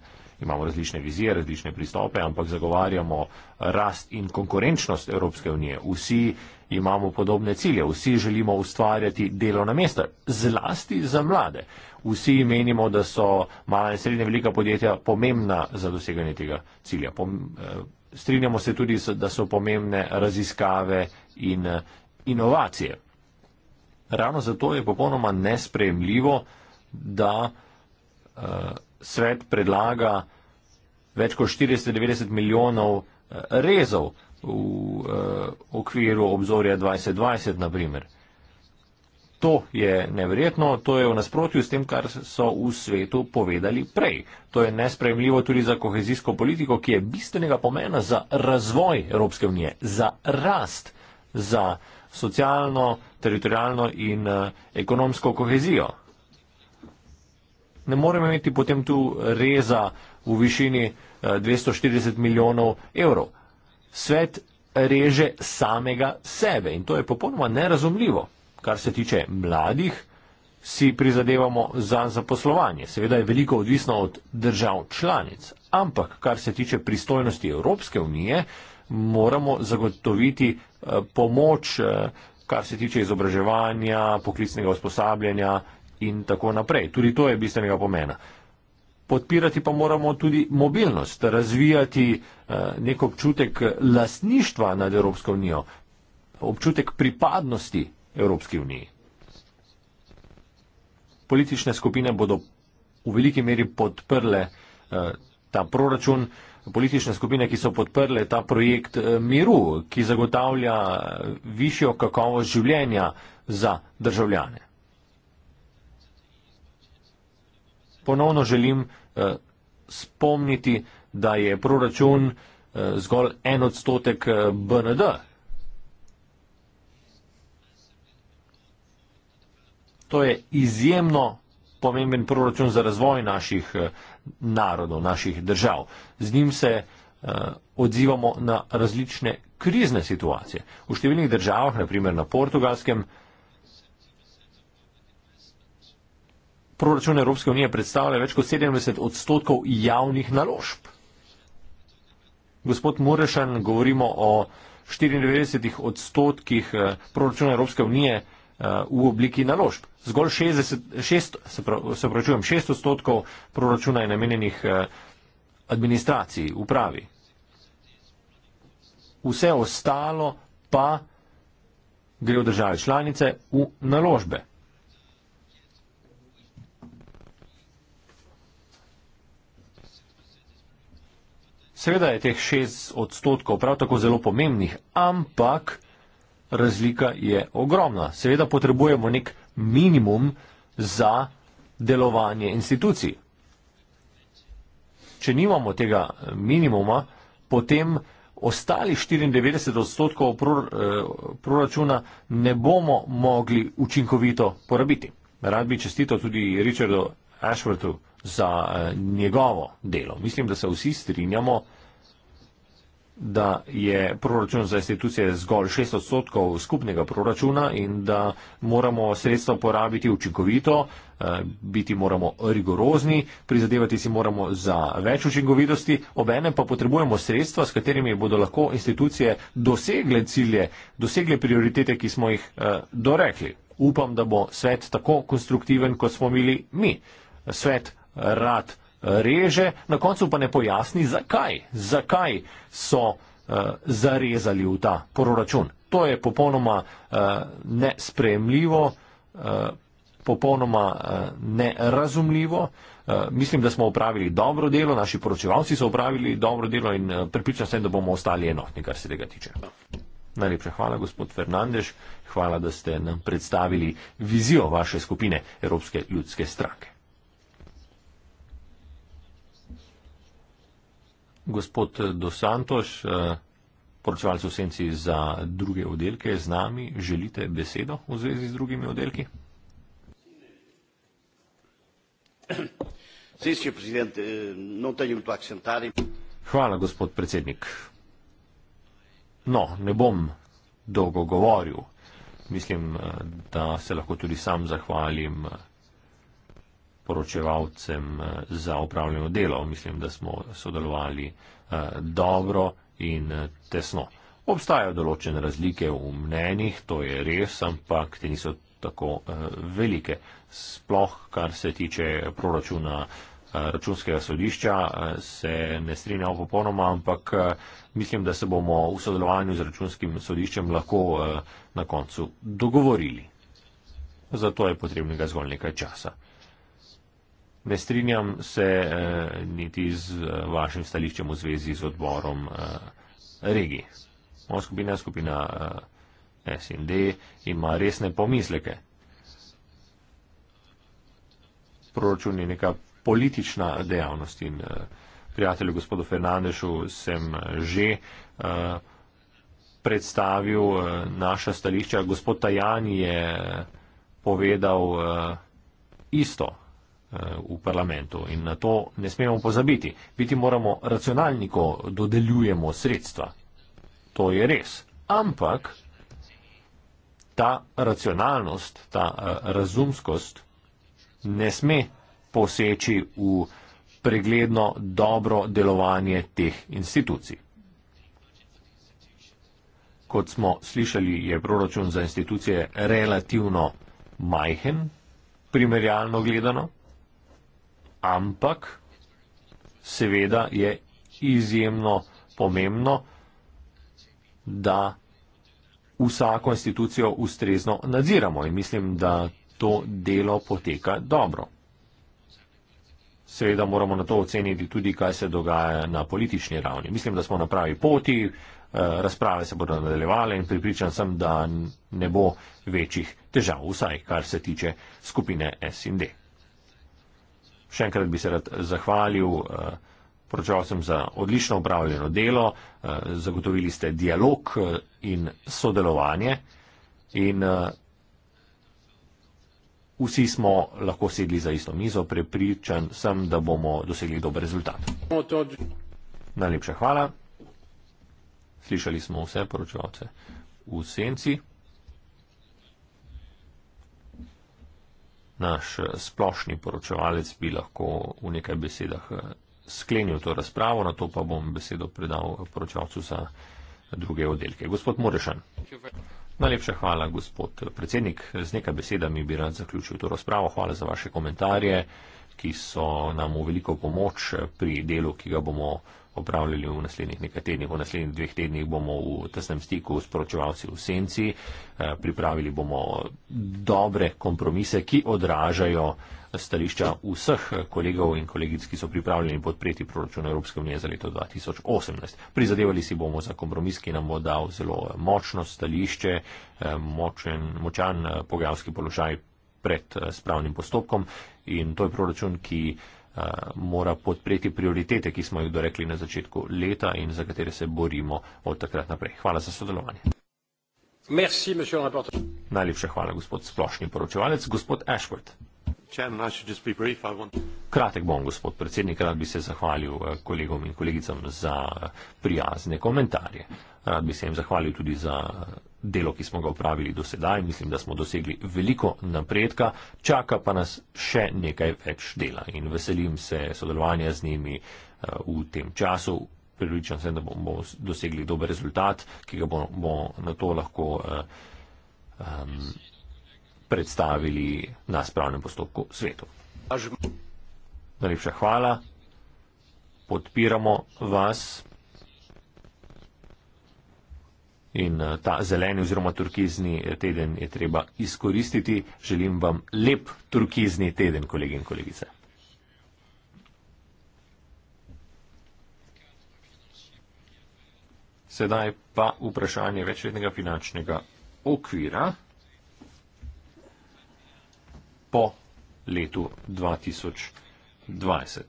Imamo različne vizije, različne pristope, ampak zagovarjamo rast in konkurenčnost Evropske unije. Vsi imamo podobne cilje, vsi želimo ustvarjati delovna mesta, zlasti za mlade. Vsi menimo, da so mala in srednje velika podjetja pomembna za doseganje tega cilja. Pom, eh, strinjamo se tudi, da so pomembne raziskave in eh, inovacije. Ravno zato je popolnoma nespremljivo, da uh, svet predlaga več kot 490 milijonov eh, rezov v uh, okviru obzorja 2020, naprimer. To je neverjetno, to je v nasprotju s tem, kar so v svetu povedali prej. To je nespremljivo tudi za kohezijsko politiko, ki je bistvenega pomena za razvoj Evropske unije, za rast, za socialno, teritorijalno in uh, ekonomsko kohezijo. Ne moremo imeti potem tu reza v višini uh, eh, 240 milijonov evrov. Svet reže samega sebe in to je popolnoma nerazumljivo. Kar se tiče mladih, si prizadevamo za zaposlovanje. Seveda je veliko odvisno od držav članic, ampak kar se tiče pristojnosti Evropske unije, moramo zagotoviti uh, pomoč. Uh, kar se tiče izobraževanja, poklicnega usposabljanja in tako naprej. Tudi to je bistvenega pomena. Podpirati pa moramo tudi mobilnost, razvijati eh, nek občutek lastništva nad Evropsko unijo, občutek pripadnosti Evropski uniji. Politične skupine bodo v veliki meri podprle eh, ta proračun politične skupine, ki so podprle ta projekt eh, miru, ki zagotavlja eh, višjo kakovost življenja za državljane. Ponovno želim eh, spomniti, da je proračun zgolj en odstotek BND. To je izjemno pomemben proračun za razvoj naših narodov, naših držav. Z njim se uh, odzivamo na različne krizne situacije. V številnih državah, naprimer na portugalskem, proračun Evropske unije predstavlja več kot 70 odstotkov javnih naložb. Gospod Murešan, govorimo o 94 odstotkih eh, proračuna Evropske unije, v obliki naložb. Zgolj 60, 6, se, prav, se pravčujem, 6 odstotkov proračuna je namenjenih eh, administraciji, upravi. Vse ostalo pa gre v države članice v naložbe. Seveda je teh 6 odstotkov prav tako zelo pomembnih, ampak razlika je ogromna. Seveda potrebujemo nek minimum za delovanje institucij. Če nimamo tega eh, minimuma, potem ostali 94 odstotkov eh, proračuna ne bomo mogli učinkovito porabiti. Rad bi čestito tudi Richardu Ashworthu za eh, njegovo delo. Mislim, da se vsi strinjamo, da je proračun za institucije zgolj 6 odstotkov skupnega proračuna in da moramo sredstva porabiti učinkovito, eh, biti moramo rigorozni, prizadevati si moramo za več učinkovitosti, obenem pa potrebujemo sredstva, s katerimi bodo lahko institucije dosegle cilje, dosegle prioritete, ki smo jih eh, dorekli. Upam, da bo svet tako konstruktiven, kot smo bili mi. Svet rad reže, na koncu pa ne pojasni, zakaj, zakaj so uh, zarezali v ta proračun. To je popolnoma uh, nespremljivo, uh, popolnoma uh, nerazumljivo. Uh, mislim, da smo upravili dobro delo, naši poročevalci so upravili dobro delo in uh, pripričan sem, da bomo ostali enotni, kar se tega tiče. Najlepša hvala, gospod Fernandeš, hvala, da ste nam predstavili vizijo vaše skupine Evropske ljudske stranke. Gospod Dosantoš, eh, poročevalec v senci za druge oddelke, z nami želite besedo v zvezi z drugimi oddelki? No Hvala, gospod predsednik. No, ne bom dolgo govoril. Mislim, eh, da se lahko tudi sam zahvalim eh, poročevalcem eh, za upravljeno delo. Mislim, da smo sodelovali eh, dobro in eh, tesno. Obstajajo določene razlike v mnenjih, to je res, ampak te niso tako velike. Sploh, kar se tiče proračuna računskega sodišča, se ne strinjamo popolnoma, ampak mislim, da se bomo v sodelovanju z računskim sodiščem lahko na koncu dogovorili. Zato je potrebnega zgolj nekaj časa. Ne strinjam se eh, niti z eh, vašim stališčem v zvezi z odborom eh, regij. Moja skupina, skupina eh, SND, ima resne pomisleke. Proračun je neka politična dejavnost in eh, prijatelju gospodu Fernandešu sem eh, že eh, predstavil eh, naša stališča. Gospod Tajani je eh, povedal eh, isto. Eh, v parlamentu in na to ne smemo pozabiti. Biti moramo racionalni, ko dodeljujemo sredstva. To je res. Ampak ta racionalnost, ta eh, razumskost ne sme poseči v pregledno dobro delovanje teh institucij. Kot smo slišali, je proračun za institucije relativno majhen, primerjalno gledano ampak seveda je izjemno pomembno, da vsako institucijo ustrezno nadziramo in mislim, da to delo poteka dobro. Seveda moramo na to oceniti tudi, kaj se dogaja na politični ravni. Mislim, da smo na pravi poti, eh, razprave se bodo nadaljevale in pripričan sem, da ne bo večjih težav, vsaj kar se tiče skupine S in D. Še enkrat bi se rad zahvalil eh, poročevalcem za odlično upravljeno delo, eh, zagotovili ste dialog eh, in sodelovanje in vsi smo lahko sedli za isto mizo, prepričan sem, da bomo dosegli dober rezultat. Najlepša hvala. Slišali smo vse poročevalce v senci. naš eh, splošni poročevalec bi lahko v nekaj besedah eh, sklenil to razpravo, na to pa bom besedo predal eh, poročevalcu za druge oddelke. Gospod Morešan. Najlepša hvala, gospod predsednik. Z nekaj besedami bi rad zaključil to razpravo. Hvala za vaše komentarje ki so nam v veliko pomoč pri delu, ki ga bomo opravljali v naslednjih nekaj tednih. V naslednjih dveh tednih bomo v tesnem stiku s poročevalci v senci, eh, pripravili bomo dobre kompromise, ki odražajo stališča vseh kolegov in kolegic, ki so pripravljeni podpreti proračun Evropske unije za leto 2018. Prizadevali si bomo za kompromis, ki nam bo dal zelo močno stališče, eh, močen, močan eh, pogajalski položaj pred spravnim postopkom in to je proračun, ki uh, mora podpreti prioritete, ki smo jih dorekli na začetku leta in za katere se borimo od takrat naprej. Hvala za sodelovanje. Merci, Najlepša hvala, gospod splošni poročevalec, gospod Ashworth. Kratek bom, gospod predsednik, rad bi se zahvalil eh, kolegom in kolegicam za eh, prijazne komentarje. Rad bi se jim zahvalil tudi za eh, delo, ki smo ga upravili do sedaj. Mislim, da smo dosegli veliko napredka, čaka pa nas še nekaj več dela in veselim se sodelovanja z njimi v tem času. Priličan sem, da bomo dosegli dober rezultat, ki ga bomo na to lahko. Um, predstavili na spravnem postopku svetu. Najlepša hvala, podpiramo vas in eh, ta zeleni oziroma turkizni eh, teden je treba izkoristiti. Želim vam lep turkizni teden, kolegi in kolegice. Sedaj pa vprašanje večletnega finančnega okvira po letu 2020.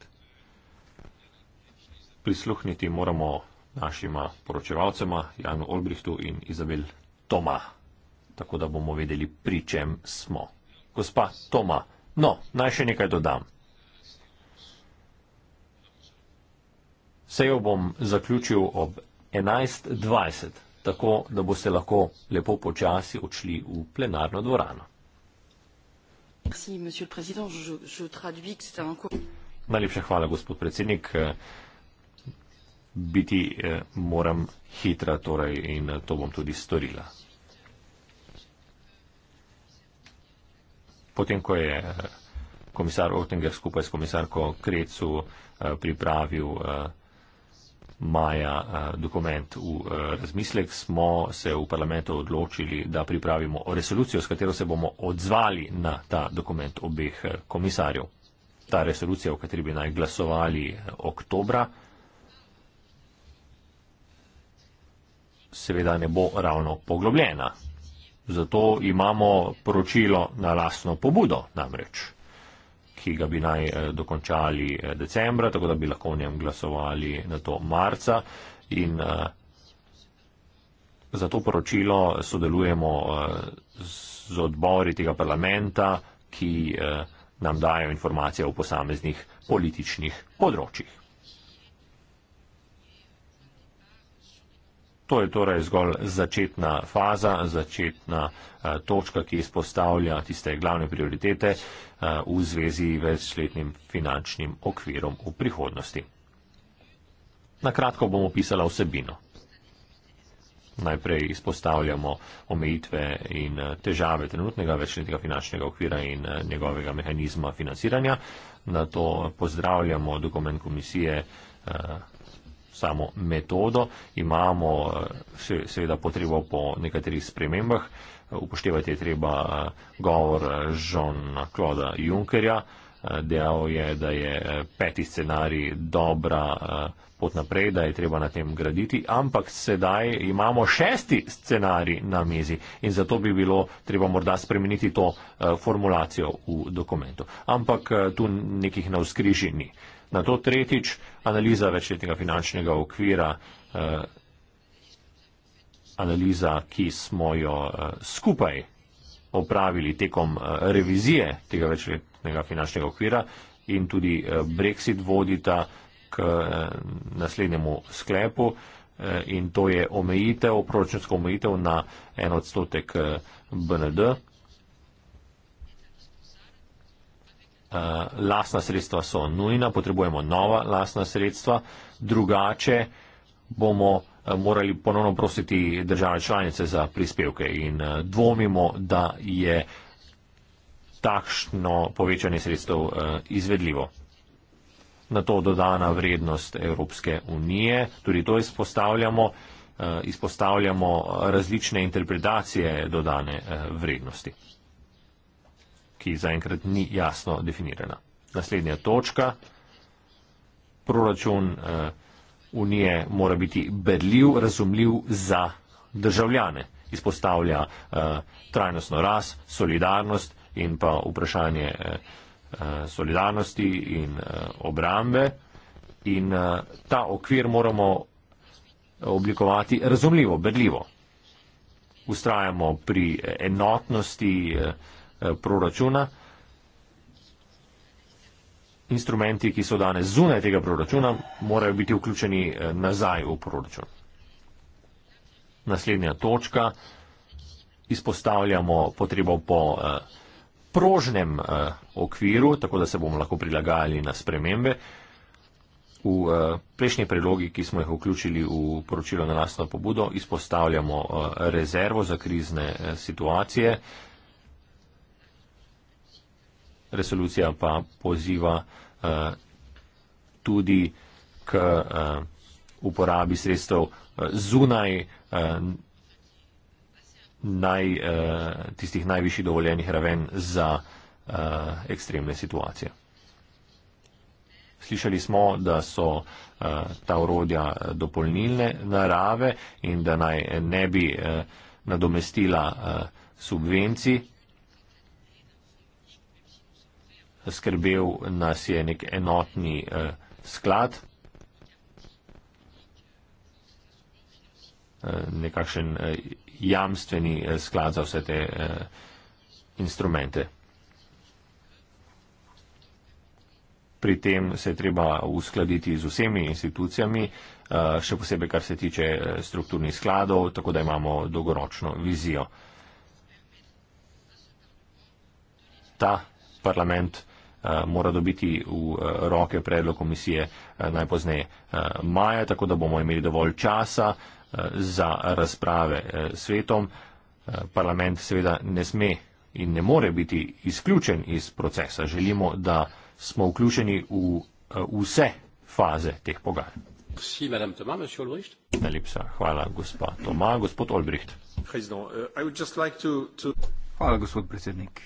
Prisluhniti moramo našima poročevalcema Janu Olbrihtu in Izabel Toma, tako da bomo vedeli, pri čem smo. Gospa Toma, no, naj še nekaj dodam. Sejo bom zaključil ob 11.20, tako da boste lahko lepo počasi odšli v plenarno dvorano. Najlepša hvala, gospod predsednik. Biti eh, moram hitra, torej, in eh, to bom tudi storila. Potem, ko je eh, komisar Oettinger skupaj s komisarko Krecu pripravil maja dokument v razmislek, smo se v parlamentu odločili, da pripravimo resolucijo, s katero se bomo odzvali na ta dokument obeh komisarjev. Ta resolucija, o kateri bi naj glasovali oktobra, seveda ne bo ravno poglobljena. Zato imamo poročilo na lasno pobudo namreč ki ga bi naj eh, dokončali eh, decembra, tako da bi lahko o njem glasovali na to marca. In eh, za to poročilo sodelujemo z odbori tega parlamenta, ki nam dajo informacije o posameznih političnih področjih. To je torej zgolj začetna faza, začetna eh, točka, ki izpostavlja tiste glavne prioritete eh, v zvezi večletnim finančnim okvirom v prihodnosti. Na kratko bom opisala vsebino. Najprej izpostavljamo omejitve in eh, težave trenutnega večletnega finančnega okvira in njegovega mehanizma financiranja. Na to pozdravljamo dokument komisije samo metodo, imamo eh, seveda potrebo po nekaterih spremembah. Eh, upoštevati je treba eh, govor Jean-Claude Junckerja. Dejal je, da je peti scenarij dobra pot naprej, da je treba na tem graditi, ampak sedaj imamo šesti scenarij na mizi in zato bi bilo treba morda spremeniti to formulacijo v dokumentu. Ampak tu nekih navskrižij ni. Na to tretjič analiza večletnega finančnega okvira, eh, analiza, ki smo jo eh, skupaj opravili tekom eh, revizije tega večletnega finančnega okvira in tudi Brexit vodita k naslednjemu sklepu in to je omejitev, proračunsko omejitev na en odstotek BND Eh, lasna sredstva so nujna, potrebujemo nova lasna sredstva, drugače bomo eh, morali ponovno prositi države članice za prispevke in eh, dvomimo, da je takšno povečanje sredstev izvedljivo. Na to dodana vrednost Evropske unije, tudi to izpostavljamo, izpostavljamo različne interpretacije dodane vrednosti ki zaenkrat ni jasno definirana. Naslednja točka. Proračun eh, Unije mora biti berljiv, razumljiv za državljane. Izpostavlja eh, trajnostno rast, solidarnost in pa vprašanje eh, eh solidarnosti in eh, obrambe. In eh, ta okvir moramo oblikovati razumljivo, berljivo. Ustrajamo pri eh, enotnosti. Eh, Eh, proračuna. Instrumenti, ki so danes zunaj tega proračuna, morajo biti vključeni eh, nazaj v proračun. Naslednja točka. Izpostavljamo potrebo po eh, prožnem okviru, tako da se bomo lahko prilagajali na spremembe. V prejšnji predlogi, ki smo jih vključili v poročilo na lastno pobudo, izpostavljamo rezervo za krizne situacije, resolucija pa poziva uh, tudi k uh, uporabi sredstev uh, zunaj uh, naj, uh, tistih najvišjih dovoljenih raven za uh, ekstremne situacije. Slišali smo, da so uh, ta urodja dopolnilne narave in da naj ne bi uh, nadomestila uh, subvencij skrbel nas je nek enotni eh, sklad, eh, nekakšen eh, jamstveni eh, sklad za vse te eh, instrumente. Pri tem se je treba uskladiti z vsemi institucijami, eh, še posebej kar se tiče eh, strukturnih skladov, tako da imamo dolgoročno vizijo. Ta parlament Eh, mora dobiti v eh, roke predlog komisije eh, najpozneje maja, tako da bomo imeli dovolj časa za razprave s svetom. Parlament seveda ne sme in ne more biti izključen iz procesa. Želimo, da smo vključeni v vse faze teh pogajanj. Najlepša hvala, gospa Toma. Gospod Olbricht. Hvala, gospod predsednik.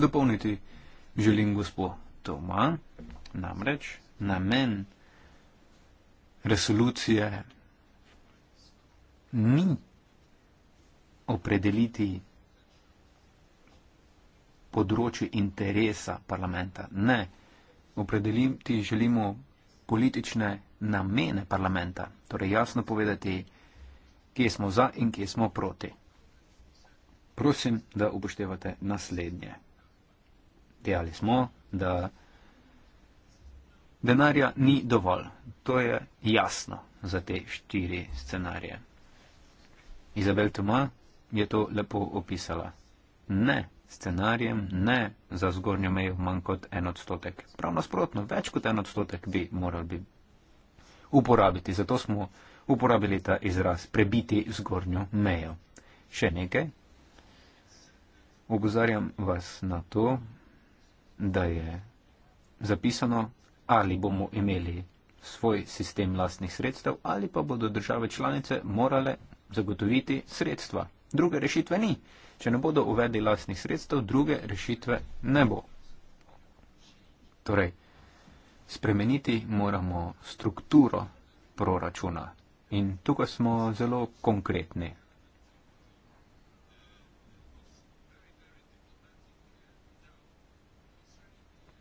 dopolniti želim gospo Toma, namreč namen resolucije ni opredeliti področje interesa parlamenta. Ne, opredeliti želimo politične namene parlamenta, torej jasno povedati, kje smo za in kje smo proti. Prosim, da upoštevate naslednje dejali smo, da denarja ni dovolj. To je jasno za te štiri scenarije. Izabel Toma je to lepo opisala. Ne scenarijem, ne za zgornjo mejo manj kot en odstotek. Prav nasprotno, več kot en odstotek bi moral bi uporabiti. Zato smo uporabili ta izraz prebiti zgornjo mejo. Še nekaj. Obozarjam vas na to, da je zapisano, ali bomo imeli svoj sistem lastnih sredstev, ali pa bodo države članice morale zagotoviti sredstva. Druge rešitve ni. Če ne bodo uvedli lastnih sredstev, druge rešitve ne bo. Torej, spremeniti moramo strukturo proračuna. In tukaj smo zelo konkretni.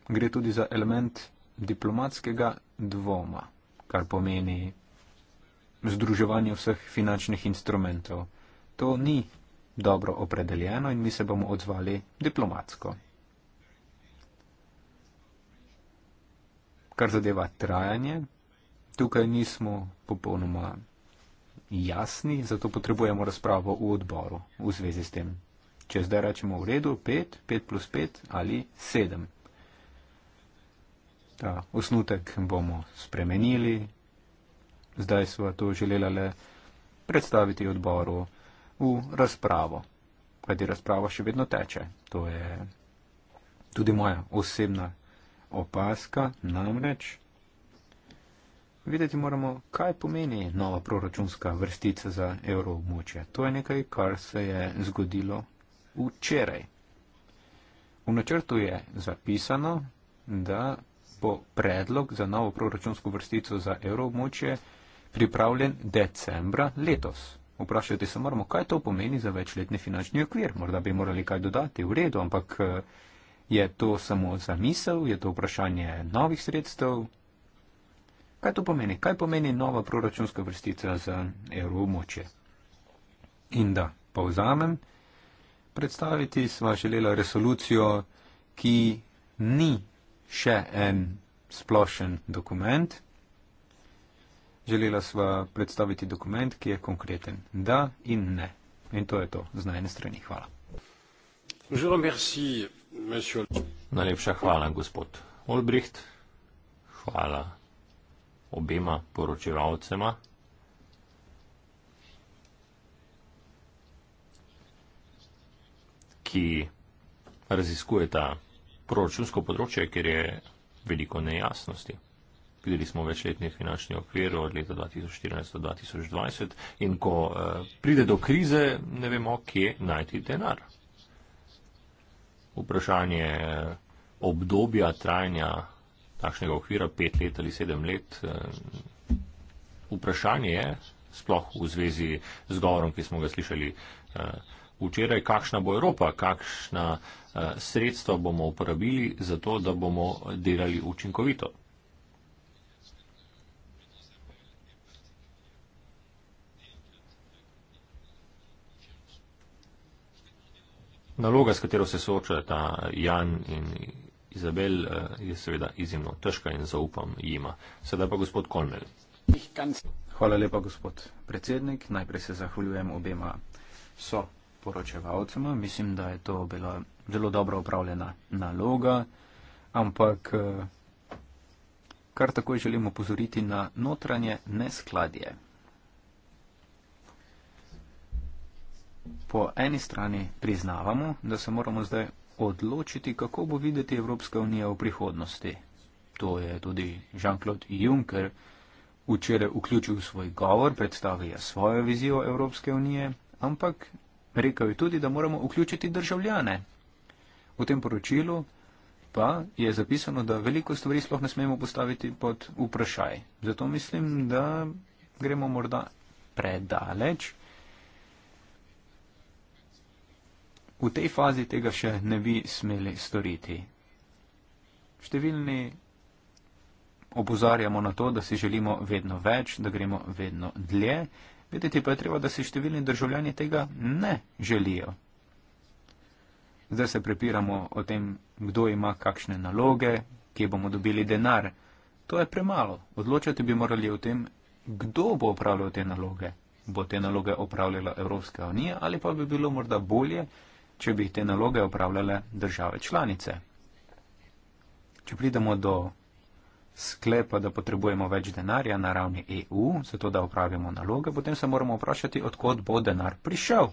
gre tudi za element diplomatskega dvoma, kar pomeni združevanje vseh finančnih instrumentov. To ni dobro opredeljeno in mi se bomo odzvali diplomatsko. Kar zadeva trajanje, tukaj nismo popolnoma jasni, zato potrebujemo razpravo v odboru v zvezi s tem. Če zdaj rečemo v redu 5, 5 plus 5 ali 7 ta osnutek bomo spremenili. Zdaj smo to želeli le predstaviti odboru v razpravo, kajti razprava še vedno teče. To je tudi moja osebna opaska, namreč videti moramo, kaj pomeni nova proračunska vrstica za evroobmočje. To je nekaj, kar se je zgodilo včeraj. V načrtu je zapisano, da bo predlog za novo proračunsko vrstico za evroobmočje pripravljen decembra letos. Vprašajte se moramo, kaj to pomeni za večletni finančni okvir. Morda bi morali kaj dodati, v redu, ampak eh, je to samo zamisel, je to vprašanje novih sredstev. Kaj to pomeni? Kaj pomeni nova proračunska vrstica za evroobmočje? In da povzamem, predstaviti sva želela resolucijo, ki ni še en splošen dokument. Želela sva predstaviti dokument, ki je konkreten. Da in ne. In to je to z najne strani. Hvala. Najlepša hvala, gospod Olbricht. Hvala obema poročevalcema. Ki raziskujeta proračunsko področje, kjer je veliko nejasnosti. Videli smo večletni finančni okvir od leta 2014 do 2020 in ko eh, pride do krize, ne vemo, kje najti denar. Vprašanje eh, obdobja trajanja takšnega okvira, pet let ali sedem let, eh, vprašanje je sploh v zvezi z govorom, ki smo ga slišali včeraj, kakšna bo Evropa, kakšna eh, sredstva bomo uporabili za to, da bomo delali učinkovito. Naloga, s katero se soočata Jan in Izabel, eh, je seveda izjemno težka in zaupam jima. Sedaj pa gospod Kolmel. Hvala lepa, gospod predsednik. Najprej se zahvaljujem obema so poročevalcem. Mislim, da je to bila zelo dobro upravljena naloga, ampak eh, kar takoj želimo pozoriti na notranje neskladje. Po eni strani priznavamo, da se moramo zdaj odločiti, kako bo videti Evropska unija v prihodnosti. To je tudi Jean-Claude Juncker včeraj vključil v svoj govor, predstavil je svojo vizijo Evropske unije, ampak Rekel je tudi, da moramo vključiti državljane. V tem poročilu pa je zapisano, da veliko stvari sploh ne smemo postaviti pod vprašaj. Zato mislim, da gremo morda predaleč. V tej fazi tega še ne bi smeli storiti. Številni opozarjamo na to, da si želimo vedno več, da gremo vedno dlje, Vedeti pa je treba, da si številni državljani tega ne želijo. Zdaj se prepiramo o tem, kdo ima kakšne naloge, kje bomo dobili denar. To je premalo. Odločati bi morali o tem, kdo bo upravljal te naloge. Bo te naloge upravljala Evropska unija ali pa bi bilo morda bolje, če bi te naloge upravljale države članice. Če pridemo do sklepa, da potrebujemo več denarja na ravni EU, zato da upravljamo naloge, potem se moramo vprašati, odkot bo denar prišel.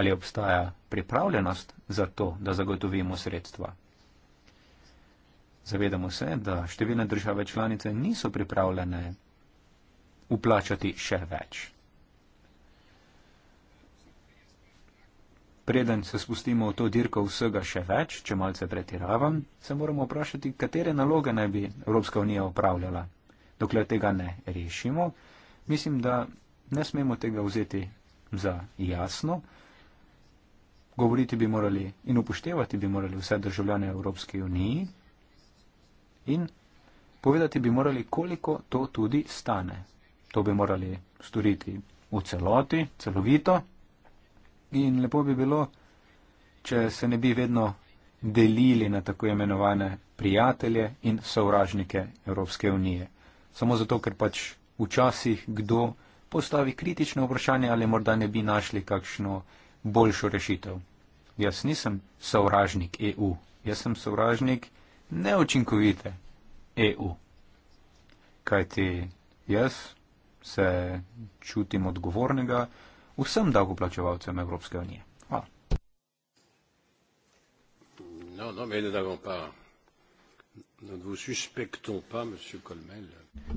Ali obstaja pripravljenost za to, da zagotovimo sredstva? Zavedamo se, da številne države članice niso pripravljene uplačati še več. preden se spustimo v to dirko vsega še več, če malce pretiravam, se moramo vprašati, katere naloge naj bi Evropska unija upravljala. Dokler tega ne rešimo, mislim, da ne smemo tega vzeti za jasno. Govoriti bi morali in upoštevati bi morali vse državljane Evropske unije in povedati bi morali, koliko to tudi stane. To bi morali storiti v celoti, celovito, In lepo bi bilo, če se ne bi vedno delili na tako imenovane prijatelje in sovražnike Evropske unije. Samo zato, ker pač včasih kdo postavi kritično vprašanje ali morda ne bi našli kakšno boljšo rešitev. Jaz nisem sovražnik EU, jaz sem sovražnik neučinkovite EU. Kajti jaz se čutim odgovornega, vsem davkoplačevalcem Evropske unije. Hvala. No, no,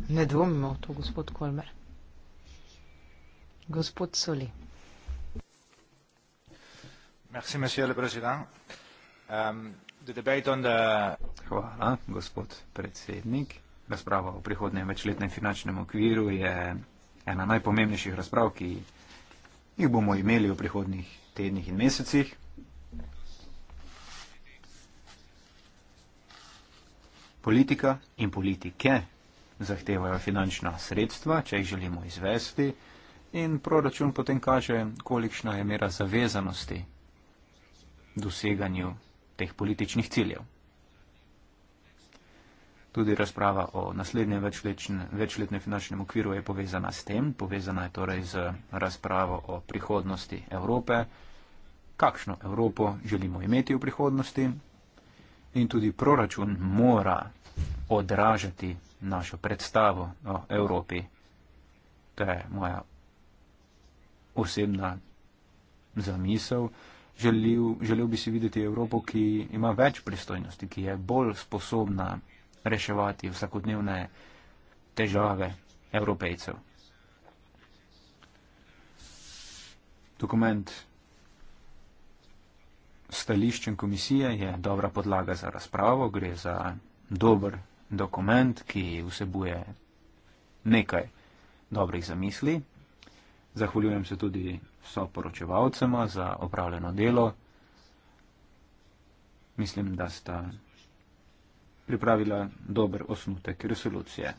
Ne dvomimo v to, gospod Kolmer. Gospod Soli. Merci, monsieur le président. Um, the debate on the... Hvala, gospod predsednik. Razprava o prihodnem večletnem finančnem okviru je ena najpomembnejših razprav, ki jih bomo imeli v prihodnih tednih in mesecih. Politika in politike zahtevajo finančna sredstva, če jih želimo izvesti, in proračun potem kaže, kolikšna je mera zavezanosti doseganju teh političnih ciljev. Tudi razprava o naslednjem večletnem finančnem okviru je povezana s tem, povezana je torej z razpravo o prihodnosti Evrope, kakšno Evropo želimo imeti v prihodnosti in tudi proračun mora odražati našo predstavo o Evropi. To je moja osebna zamisel. Želil, želel bi si videti Evropo, ki ima več pristojnosti, ki je bolj sposobna reševati vsakodnevne težave evropejcev. Dokument stališčen komisije je dobra podlaga za razpravo, gre za dober dokument, ki vsebuje nekaj dobrih zamisli. Zahvaljujem se tudi soporočevalcema za opravljeno delo. Mislim, da sta pripravila dober osnutek resolucije.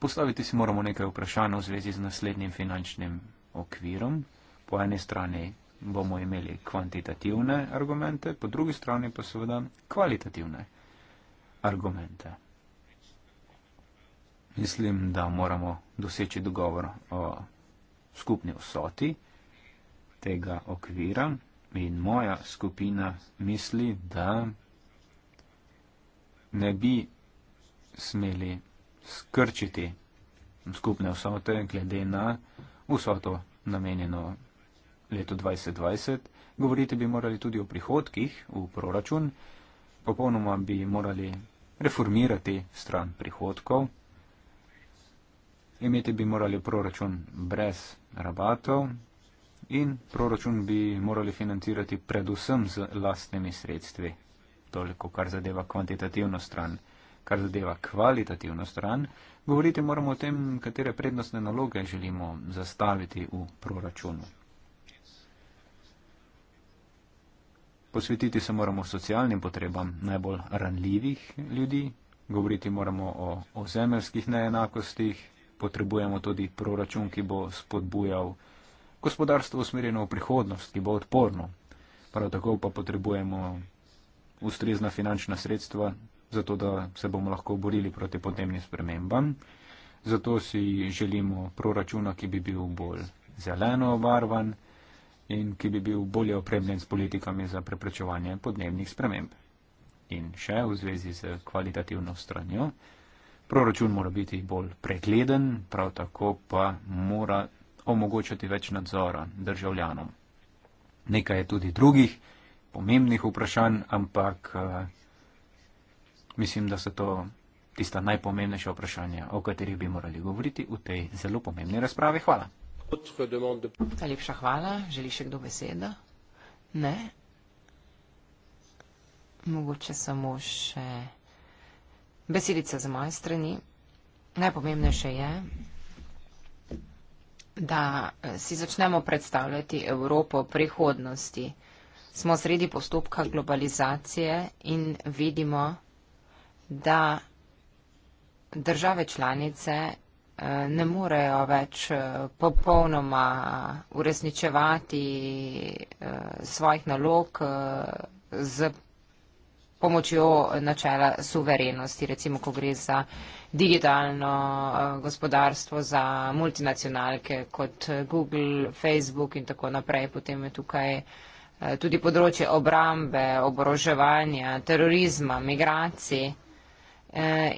Postaviti si moramo nekaj vprašanj v zvezi z naslednjim finančnim okvirom. Po eni strani bomo imeli kvantitativne argumente, po drugi strani pa seveda kvalitativne argumente. Mislim, da moramo doseči dogovor o skupni vsoti tega okvira, in moja skupina misli, da ne bi smeli skrčiti skupne vsote glede na vsoto namenjeno letu 2020. Govoriti bi morali tudi o prihodkih v proračun, popolnoma bi morali reformirati stran prihodkov, imeti bi morali proračun brez rabatov, in proračun bi morali financirati predvsem z lastnimi sredstvi. Toliko, kar zadeva kvantitativno stran. Kar zadeva kvalitativno stran, govoriti moramo o tem, katere prednostne naloge želimo zastaviti v proračunu. Posvetiti se moramo socialnim potrebam najbolj ranljivih ljudi, govoriti moramo o ozemeljskih neenakostih, potrebujemo tudi proračun, ki bo spodbujal gospodarstvo usmerjeno v prihodnost, ki bo odporno. Prav tako pa potrebujemo ustrezna finančna sredstva, zato da se bomo lahko borili proti podnebnim spremembam. Zato si želimo proračuna, ki bi bil bolj zeleno obarvan in ki bi bil bolje opremljen s politikami za preprečevanje podnebnih sprememb. In še v zvezi z kvalitativno stranjo, proračun mora biti bolj pregleden, prav tako pa mora omogočati več nadzora državljanom. Nekaj je tudi drugih pomembnih vprašanj, ampak eh, mislim, da so to tista najpomembnejša vprašanja, o katerih bi morali govoriti v tej zelo pomembni razpravi. Hvala. Najlepša hvala. Želi še kdo besedo? Ne. Mogoče samo še besedica z moje strani. Najpomembnejše je, da eh, si začnemo predstavljati Evropo prihodnosti. Smo sredi postopka globalizacije in vidimo, da države članice eh, ne morejo več eh, popolnoma uresničevati svojih nalog z pomočjo načela suverenosti, recimo, ko gre za digitalno eh, gospodarstvo, za multinacionalke kot eh, Google, Facebook in tako naprej. Potem je tukaj eh, tudi področje obrambe, oboroževanja, terorizma, migracij.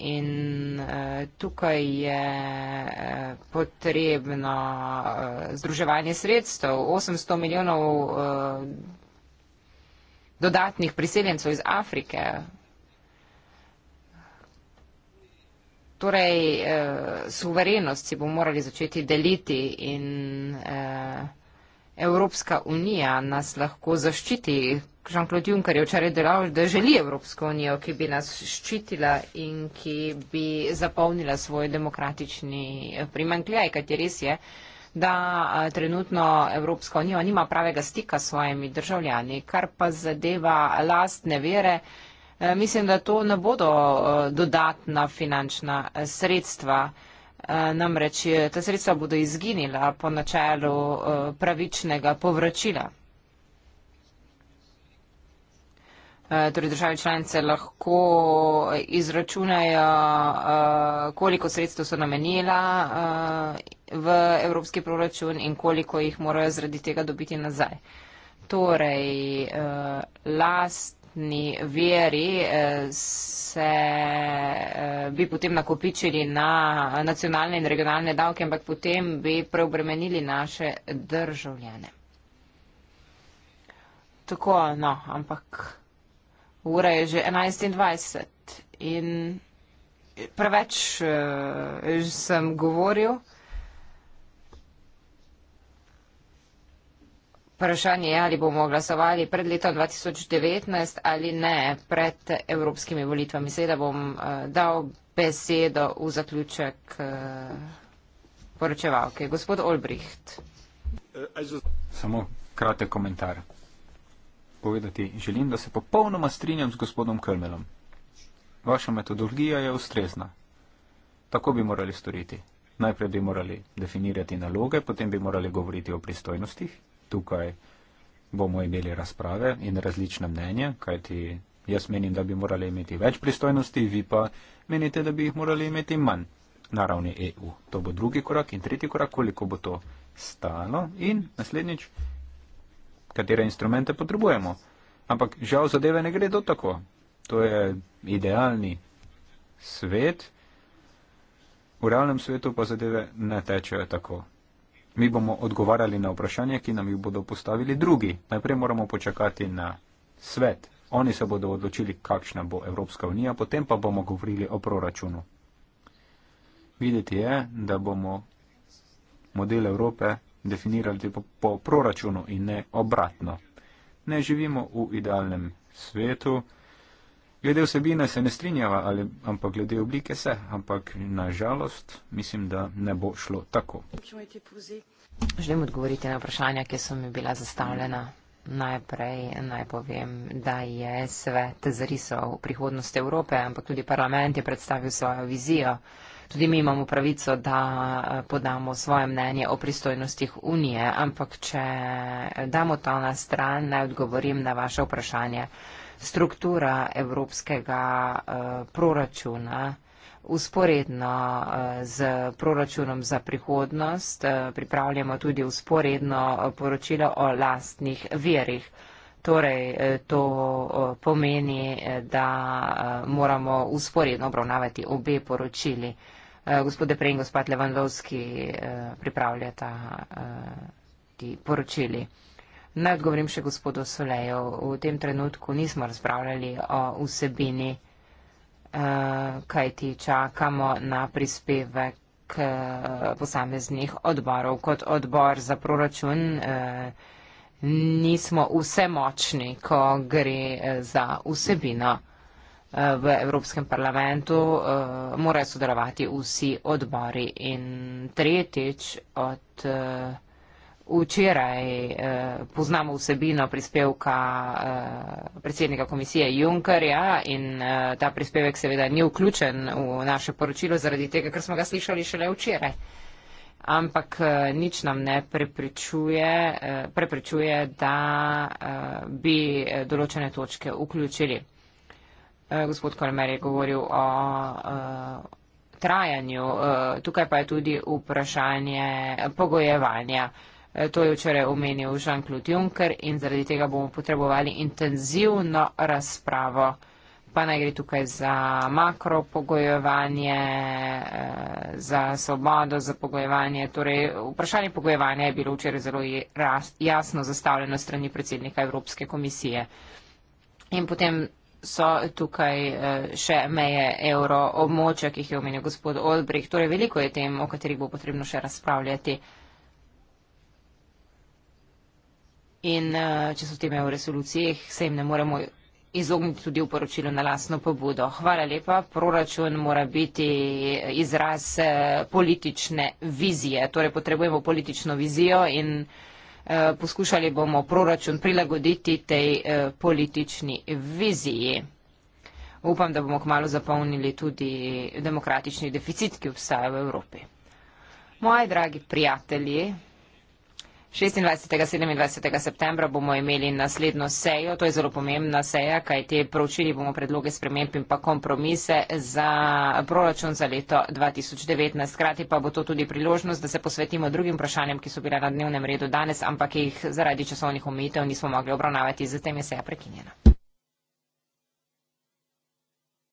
In tukaj je potrebno združevanje sredstev. 800 milijonov dodatnih priseljencev iz Afrike. Torej, eh, suverenost si bo morali začeti deliti in eh, Evropska unija nas lahko zaščiti. Jean-Claude Juncker je včeraj delal, da želi Evropsko unijo, ki bi nas ščitila in ki bi zapolnila svoj demokratični eh, primankljaj, kateri res je. Eh, da trenutno Evropska unija nima pravega stika s svojimi državljani, kar pa zadeva lastne vere. E, mislim, da to ne bodo e, dodatna finančna e, sredstva. Namreč ta sredstva bodo izginila po načelu pravičnega povračila. Torej države članice lahko izračunajo, koliko sredstv so namenila v evropski proračun in koliko jih morajo zaradi tega dobiti nazaj. Torej, eh, lastni veri eh, se eh, bi potem nakopičili na nacionalne in regionalne davke, ampak potem bi preobremenili naše državljane. Tako, no, ampak ura je že 11.20 in preveč eh, sem govoril. Vprašanje je, ali bomo glasovali pred letom 2019 ali ne, pred evropskimi volitvami. Seveda bom uh, dal besedo v zaključek uh, poročevalke. Gospod Olbricht. Samo kratek komentar. Povedati želim, da se popolnoma strinjam z gospodom Krmelom. Vaša metodologija je ustrezna. Tako bi morali storiti. Najprej bi morali definirati naloge, potem bi morali govoriti o pristojnostih tukaj bomo imeli razprave in različne mnenje, kajti jaz menim, da bi morali imeti več pristojnosti, vi pa menite, da bi jih morali imeti manj na ravni EU. To bo drugi korak in tretji korak, koliko bo to stalo in naslednjič, katere instrumente potrebujemo. Ampak žal zadeve ne gre do tako. To je idealni svet, v realnem svetu pa zadeve ne tečejo tako. Mi bomo odgovarjali na vprašanje, ki nam jih bodo postavili drugi. Najprej moramo počakati na svet. Oni se bodo odločili, kakšna bo Evropska unija, potem pa bomo govorili o proračunu. Videti je, da bomo model Evrope definirali po, po proračunu in ne obratno. Ne živimo v idealnem svetu. Glede vsebine se ne strinjava, ali, ampak glede oblike se, ampak na žalost mislim, da ne bo šlo tako. Želim odgovoriti na vprašanja, ki so mi bila zastavljena. Najprej naj povem, da je svet zarisal prihodnost Evrope, ampak tudi parlament je predstavil svojo vizijo. Tudi mi imamo pravico, da eh, podamo svoje mnenje o pristojnostih Unije, ampak če eh, damo to na stran, naj odgovorim na vaše vprašanje struktura evropskega eh, proračuna usporedno eh, z proračunom za prihodnost, eh, pripravljamo tudi usporedno poročilo o lastnih verjih. Torej, to pomeni, da moramo usporedno obravnavati obe poročili. Gospode Prej in gospod Levandovski pripravljata ti poročili. Ne odgovorim še gospodu Solejo. V tem trenutku nismo razpravljali o vsebini, eh, kaj ti čakamo na prispevek eh, posameznih odborov. Kot odbor za proračun eh, nismo vse močni, ko gre za vsebino. V Evropskem parlamentu morajo sodelovati vsi odbori. In tretjič od včeraj eh, poznamo vsebino prispevka eh, predsednika komisije Junkerja in eh, ta prispevek seveda ni vključen v naše poročilo zaradi tega, ker smo ga slišali šele včeraj. Ampak eh, nič nam ne preprečuje, eh, preprečuje da eh, bi eh, določene točke vključili. Eh, gospod Kolmer je govoril o. Eh, Trajanju. Eh, tukaj pa je tudi vprašanje pogojevanja. Eh, to je včeraj omenil Jean-Claude Juncker in zaradi tega bomo potrebovali intenzivno razpravo. Pa naj gre tukaj za makropogojevanje, eh, za svobodo, za pogojevanje. Torej, vprašanje pogojevanja je bilo včeraj zelo jasno zastavljeno strani predsednika Evropske komisije. In potem so tukaj eh, še meje evro območja, ki jih je omenil gospod Olbrich. Torej, veliko je tem, o katerih bo potrebno še razpravljati. in uh, če so teme v resolucijah, se jim ne moremo izogniti tudi v poročilu na lasno pobudo. Hvala lepa. Proračun mora biti eh, izraz uh, politične vizije, torej potrebujemo politično vizijo in Poskušali bomo proračun prilagoditi tej politični viziji. Upam, da bomo kmalo zapolnili tudi demokratični deficit, ki obstaja v Evropi. Moji dragi prijatelji, 26. in 27. septembra bomo imeli naslednjo sejo, to je zelo pomembna seja, kaj te pravčili bomo predloge sprememb in pa kompromise za proračun za leto 2019. Skrati pa bo to tudi priložnost, da se posvetimo drugim vprašanjem, ki so bila na dnevnem redu danes, ampak jih zaradi časovnih omejitev nismo mogli obravnavati, zatem je seja prekinjena.